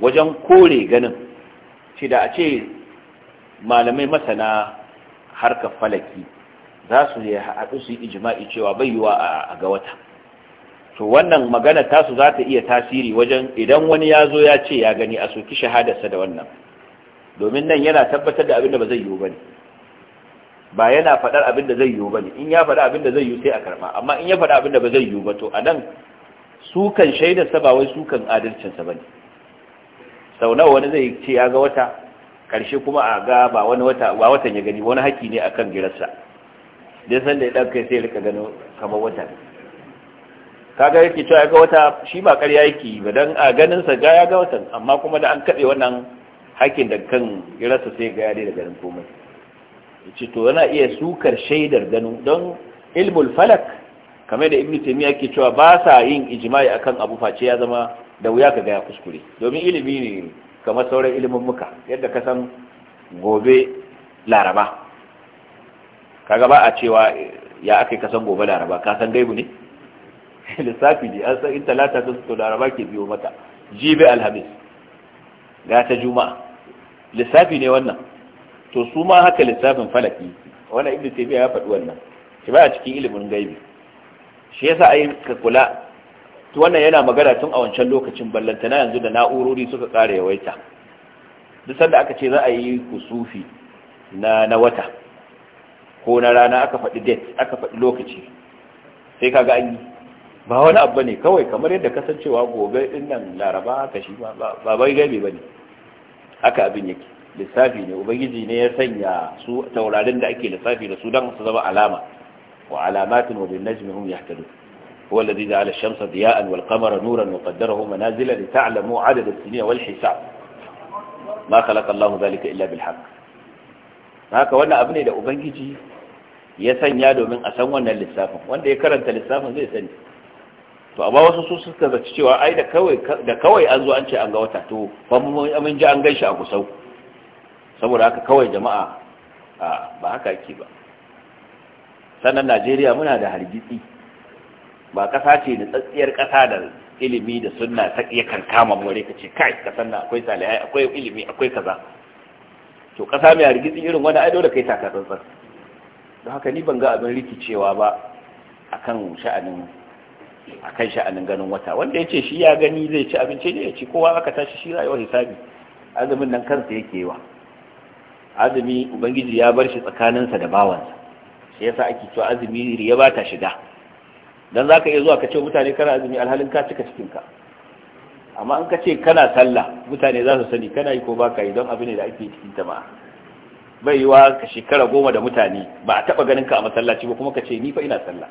wajen kore ganin ce da a ce malamai masana harka falaki za su yi haɗu su yi ijima'i cewa bai yiwa a ga wata to wannan magana tasu za ta iya tasiri wajen idan wani ya zo ya ce ya gani a soki shahadarsa da wannan domin nan yana tabbatar da abin da ba zai yiwu bane ba yana faɗar abin da zai yiwu bane in ya fada abin da zai yiwu sai a karɓa amma in ya fada abin da ba zai yiwu ba to a nan shaidar sa ba wai sukan adalcinsa bane sau nawa wani zai ce ya ga wata ƙarshe kuma a ga ba wani wata ba watan ya gani wani haki ne akan girarsa dan san da ya ɗan kai sai rika gano kamar wata kaga yake cewa ya ga wata shi ba ƙarya yake ba dan a ganin sa ga ya ga watan amma kuma da an kabe wannan hakin da kan rasa sai ga yare da ganin komai yace to yana iya sukar shaidar ganin don ilmul falak kamar da ibnu taymiya ke cewa ba sa yin ijma'i akan abu face ya zama da wuya ka ga ya kuskure domin ilimi ne kamar sauran ilimin muka yadda ka san gobe laraba kaga ba a cewa ya aka ka san gobe laraba ka san gaibu ne lissafi ne an san in talata ta to laraba ke biyo mata jibi alhamis ga ta juma'a lissafi ne wannan to su ma haka lissafin falaki wannan ibn tafiya ya faɗi wannan shi ba cikin ilimin gaibi shi yasa ayi ka kula to wannan yana magana tun a wancan lokacin ballantana yanzu da na'urori suka ƙara yawaita duk sanda aka ce za a yi kusufi na na wata ko na rana aka faɗi date aka faɗi lokaci sai ka ga yi ba wani abu ne kawai kamar yadda kasancewa gobe din nan laraba haka shi ba ba bai gaibe bane haka abin yake lissafi ne ubangiji ne ya sanya su taurarin da ake lissafi da su dan su zama alama wa alamatin wa bin najmi hum yahtadun huwa alladhi ja'ala ash-shamsa diya'an wal qamara nuran wa qaddarahu manazila li a 'adad as-sinina wal hisab ma khalaqa Allahu dhalika illa bil haqq haka wannan abu ne da ubangiji ya sanya domin a san wannan lissafin wanda ya karanta lissafin zai sani to amma wasu su suka zaci cewa ai da kawai da kawai an zo an ce an ga wata to ba mun ji an gaishe a kusau saboda haka kawai jama'a ba haka yake ba sannan Najeriya muna da hargitsi ba kasa ce da tsatsiyar kasa da ilimi da sunna ta iya kankama mu ka ce kai kasan nan akwai salihai akwai ilimi akwai kaza to kasa mai hargitsi irin wanda ai dole kai taka tsantsan don haka ni ban ga abin rikicewa ba akan sha'anin a kan sha'anin ganin wata wanda ya ce shi ya gani zai ci abinci ne ya ci kowa aka tashi shi rayuwar hisabi azumin nan kansa yake yawa azumi ubangiji ya bar shi tsakaninsa da bawansa shi yasa ake cewa azumi riya ba ta shiga dan zaka iya zuwa ka ce mutane kana azumi alhalin ka cika cikin ka amma in ka ce kana sallah mutane za su sani kana yi ko baka yi don abin ne da ake cikin ma. bai yiwa ka shekara goma da mutane ba a taba ganin ka a masallaci ba kuma ka ce ni fa ina sallah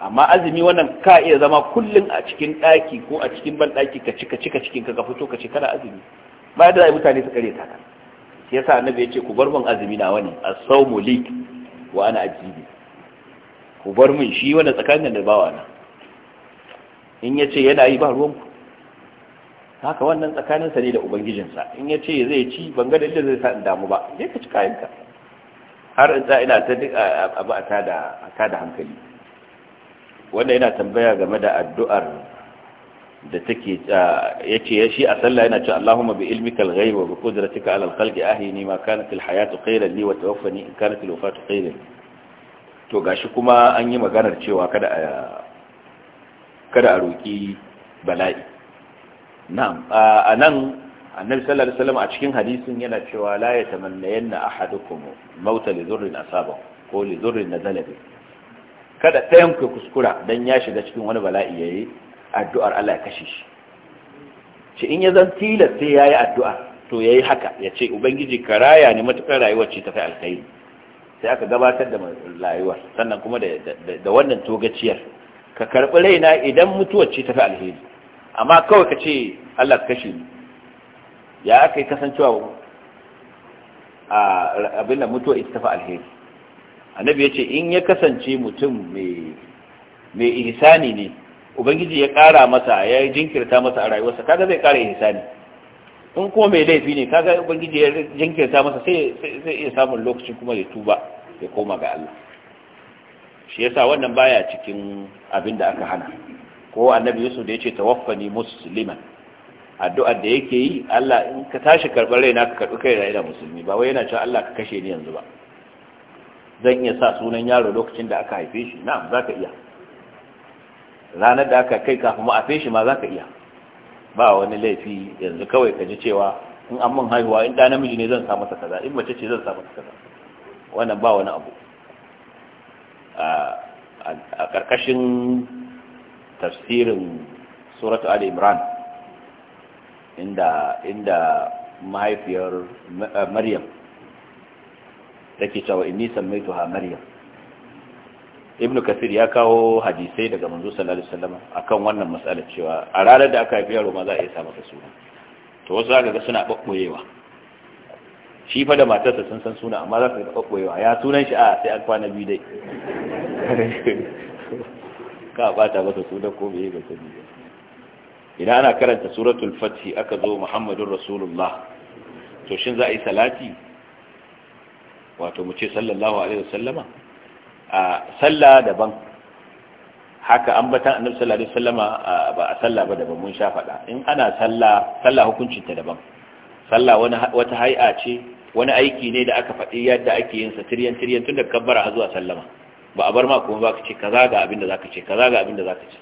amma azumi wannan ka iya zama kullum a cikin ɗaki ko a cikin ban ɗaki ka cika cika cikin ka fito ka ce kana azumi bayan da mutane su kare ka shi yasa annabi ya ce ku bar mun azumi na wani as-sawmu li wa ana ajibi ku bar mun shi wannan tsakanin da bawa na in yace yana yi ba ruwan ku haka wannan tsakanin sa ne da ubangijinsa in yace zai ci ban ga dalilin zai sa in damu ba sai ka ci kayanka har in za ina ta abu a da hankali wanda yana tambaya game da addu'ar da take yace ya shi a sallah yana cewa Allahumma bi al ghaib wa bi qudratika ala al-khalqi ahini ma kanat al-hayatu khayran li wa tawaffani in kanat al-wafatu khayran to gashi kuma an yi maganar cewa kada a kada a roki bala'i na'am a nan annabi sallallahu alaihi wasallam a cikin hadisin yana cewa la yanna ahadukum mauta li dhurrin asaba ko li dhurrin nazala bihi kada ɗayan ku kuskura dan ya shiga cikin wani bala'i ya yi addu'ar Allah ya kashe shi shi in ya zan tilasta yi addu'a to yayi haka yace ubangiji ka raya ne matukar rayuwar ce ta kai alkhairi sai aka gabatar da rayuwar sannan kuma da wannan togaciyar ka karbi raina idan mutuwar ce ta kai alheri amma kawai ka ce Allah ka kashe ni ya aka yi kasancewa a abin da mutuwa ita tafi alheri annabi yace in ya kasance mutum mai ihsani ne ubangiji ya kara masa ya jinkirta masa a rayuwarsa kaga zai kara ihsani in kuma mai laifi ne kaga ubangiji ya jinkirta masa sai sai iya samu lokaci kuma ya tuba ya koma ga Allah shi yasa wannan baya cikin abin da aka hana ko annabi Yusuf da yace tawaffani musliman addu'ar da yake yi Allah in ka tashi karɓar raina ka karɓi kai raina musulmi ba wai yana cewa Allah ka kashe ni yanzu ba zan iya sa sunan yaro lokacin da aka haife shi na'am za ka iya ranar da aka kai kafin mu haife shi ma za ka iya ba wani laifi yanzu kawai ka ji cewa in an mun haihuwa in da namiji ne zan sa masa kaza in mace ce zan sa masa kaza wannan ba wani abu a ƙarƙashin tafsirin suratu ali imran inda inda mahaifiyar eh, maryam take cewa inni sammaituha maryam ibn kasir ya kawo hadisai daga manzo sallallahu alaihi wasallam akan wannan matsalar cewa a ranar da aka haifi yaro ma za a iya sa masa suna to wasu zaka ga suna bakkoyewa shi fa da matarsa sun san suna amma za su ga bakkoyewa ya sunan shi a sai an kwana biyu dai ka bata masa suna ko bai ga sani idan ana karanta suratul fath aka zo muhammadur rasulullah to shin za a yi salati wato mu ce sallallahu alaihi wasallama a sallah daban haka ambatan annabi sallallahu alaihi wasallama ba a sallah ba daban mun sha faɗa in ana sallah sallah hukuncin ta daban sallah wani wata hay'a ce wani aiki ne da aka faɗi yadda ake yin sa tiryan tiryan tun da kabbara har zuwa sallama ba a bar ma kuma baka ce kaza ga abin da zaka ce kaza ga abin da zaka ce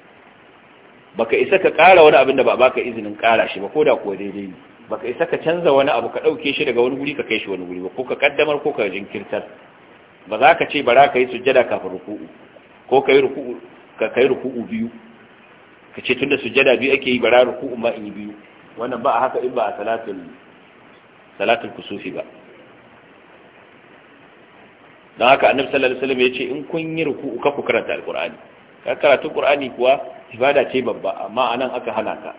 baka isa ka ƙara wani abin da ba baka izinin ƙara shi ba ko da kuwa daidai ne baka isa ka canza wani abu ka ɗauke shi daga wani guri ka kai shi wani guri ba ko ka kaddamar ko ka jinkirtar ba za ka ce bara ka yi sujjada kafin ruku'u ko ka yi ruku'u ka kai ruku'u biyu ka ce tunda sujjada biyu ake yi bara ruku'u ma in yi biyu wannan ba a haka in ba a salatul salatul kusufi ba don haka annabi sallallahu alaihi wasallam ya ce in kun yi ruku'u ka ku karanta alqur'ani ka karatu qur'ani kuwa ibada ce babba amma anan aka hana ka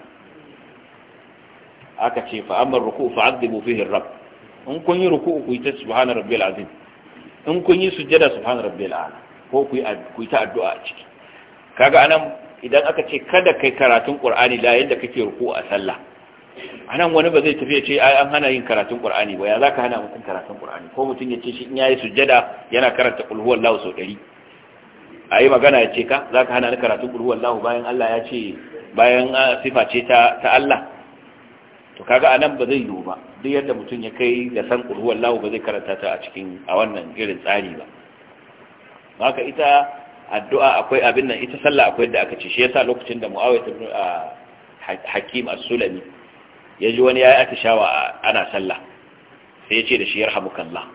aka ce fa amma ruku fa azimu fihi rabb in kun yi ruku ku yi ta subhana rabbil azim in kun yi sujjada subhana rabbil ala ko ku yi ku yi ta addu'a a ciki kaga anan idan aka ce kada kai karatun qur'ani la yadda kake ruku a sallah anan wani ba zai tafi ya ce ai an hana yin karatun qur'ani ba ya zaka hana mutum karatun qur'ani ko mutum ya ce shi in yayi sujjada yana karanta qul huwallahu sau dari ayi magana ya ce ka zaka hana ni karatun qul huwallahu bayan Allah ya ce bayan sifa ce ta ta Allah to kaga anan ba zai yiwu ba duk yadda mutum ya kai da san qul lawo ba zai karanta ta a cikin a wannan irin tsari ba haka ita addu'a akwai abin nan ita sallah akwai da aka ce shi yasa lokacin da Muawiya ibn Hakim as-Sulami yaji wani yayi atishawa ana sallah sai ya ce da shi yarhamukallah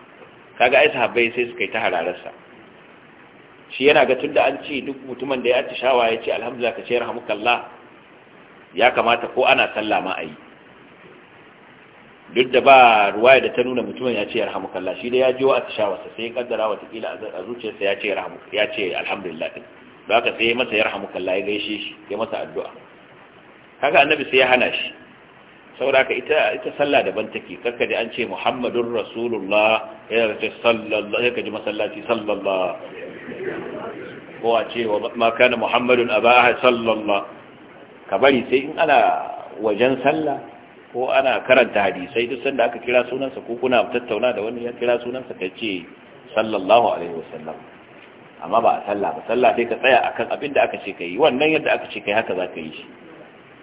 kaga ai sahabbai sai suka yi ta hararsa shi yana ga tunda an ce duk mutumin da ya atishawa ya ce alhamdulillah ka ce yarhamukallah ya kamata ko ana sallah ma ayi duk da ba ruwaya da ta nuna mutumin ya ce yarhamukallah shi da ya jiwo atishawarsa sai ya kaddara watakila a zuciyarsa ya ce ya ce alhamdulillah din don haka sai ya masa yarhamukallah ya gaishe shi ya masa addu'a haka annabi sai ya hana shi saboda haka ita ita sallah daban take karka da an ce muhammadur rasulullah ya ce sallallahu ya kaji masallaci sallallahu ko a ce wa ma kana muhammadun aba sallallahu ka bari sai in ana wajen sallah ko ana karanta hadisai duk sanda aka kira sunansa ko kuna tattauna da wani ya kira sunansa kai ce sallallahu alaihi wasallam amma ba sallah ba sallah dai ka tsaya akan abin da aka ce ka yi wannan yadda aka ce ka yi haka za ka yi shi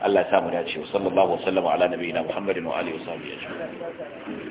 Allah ya samu dace wa sallallahu wa ala nabiyina Muhammadin wa alihi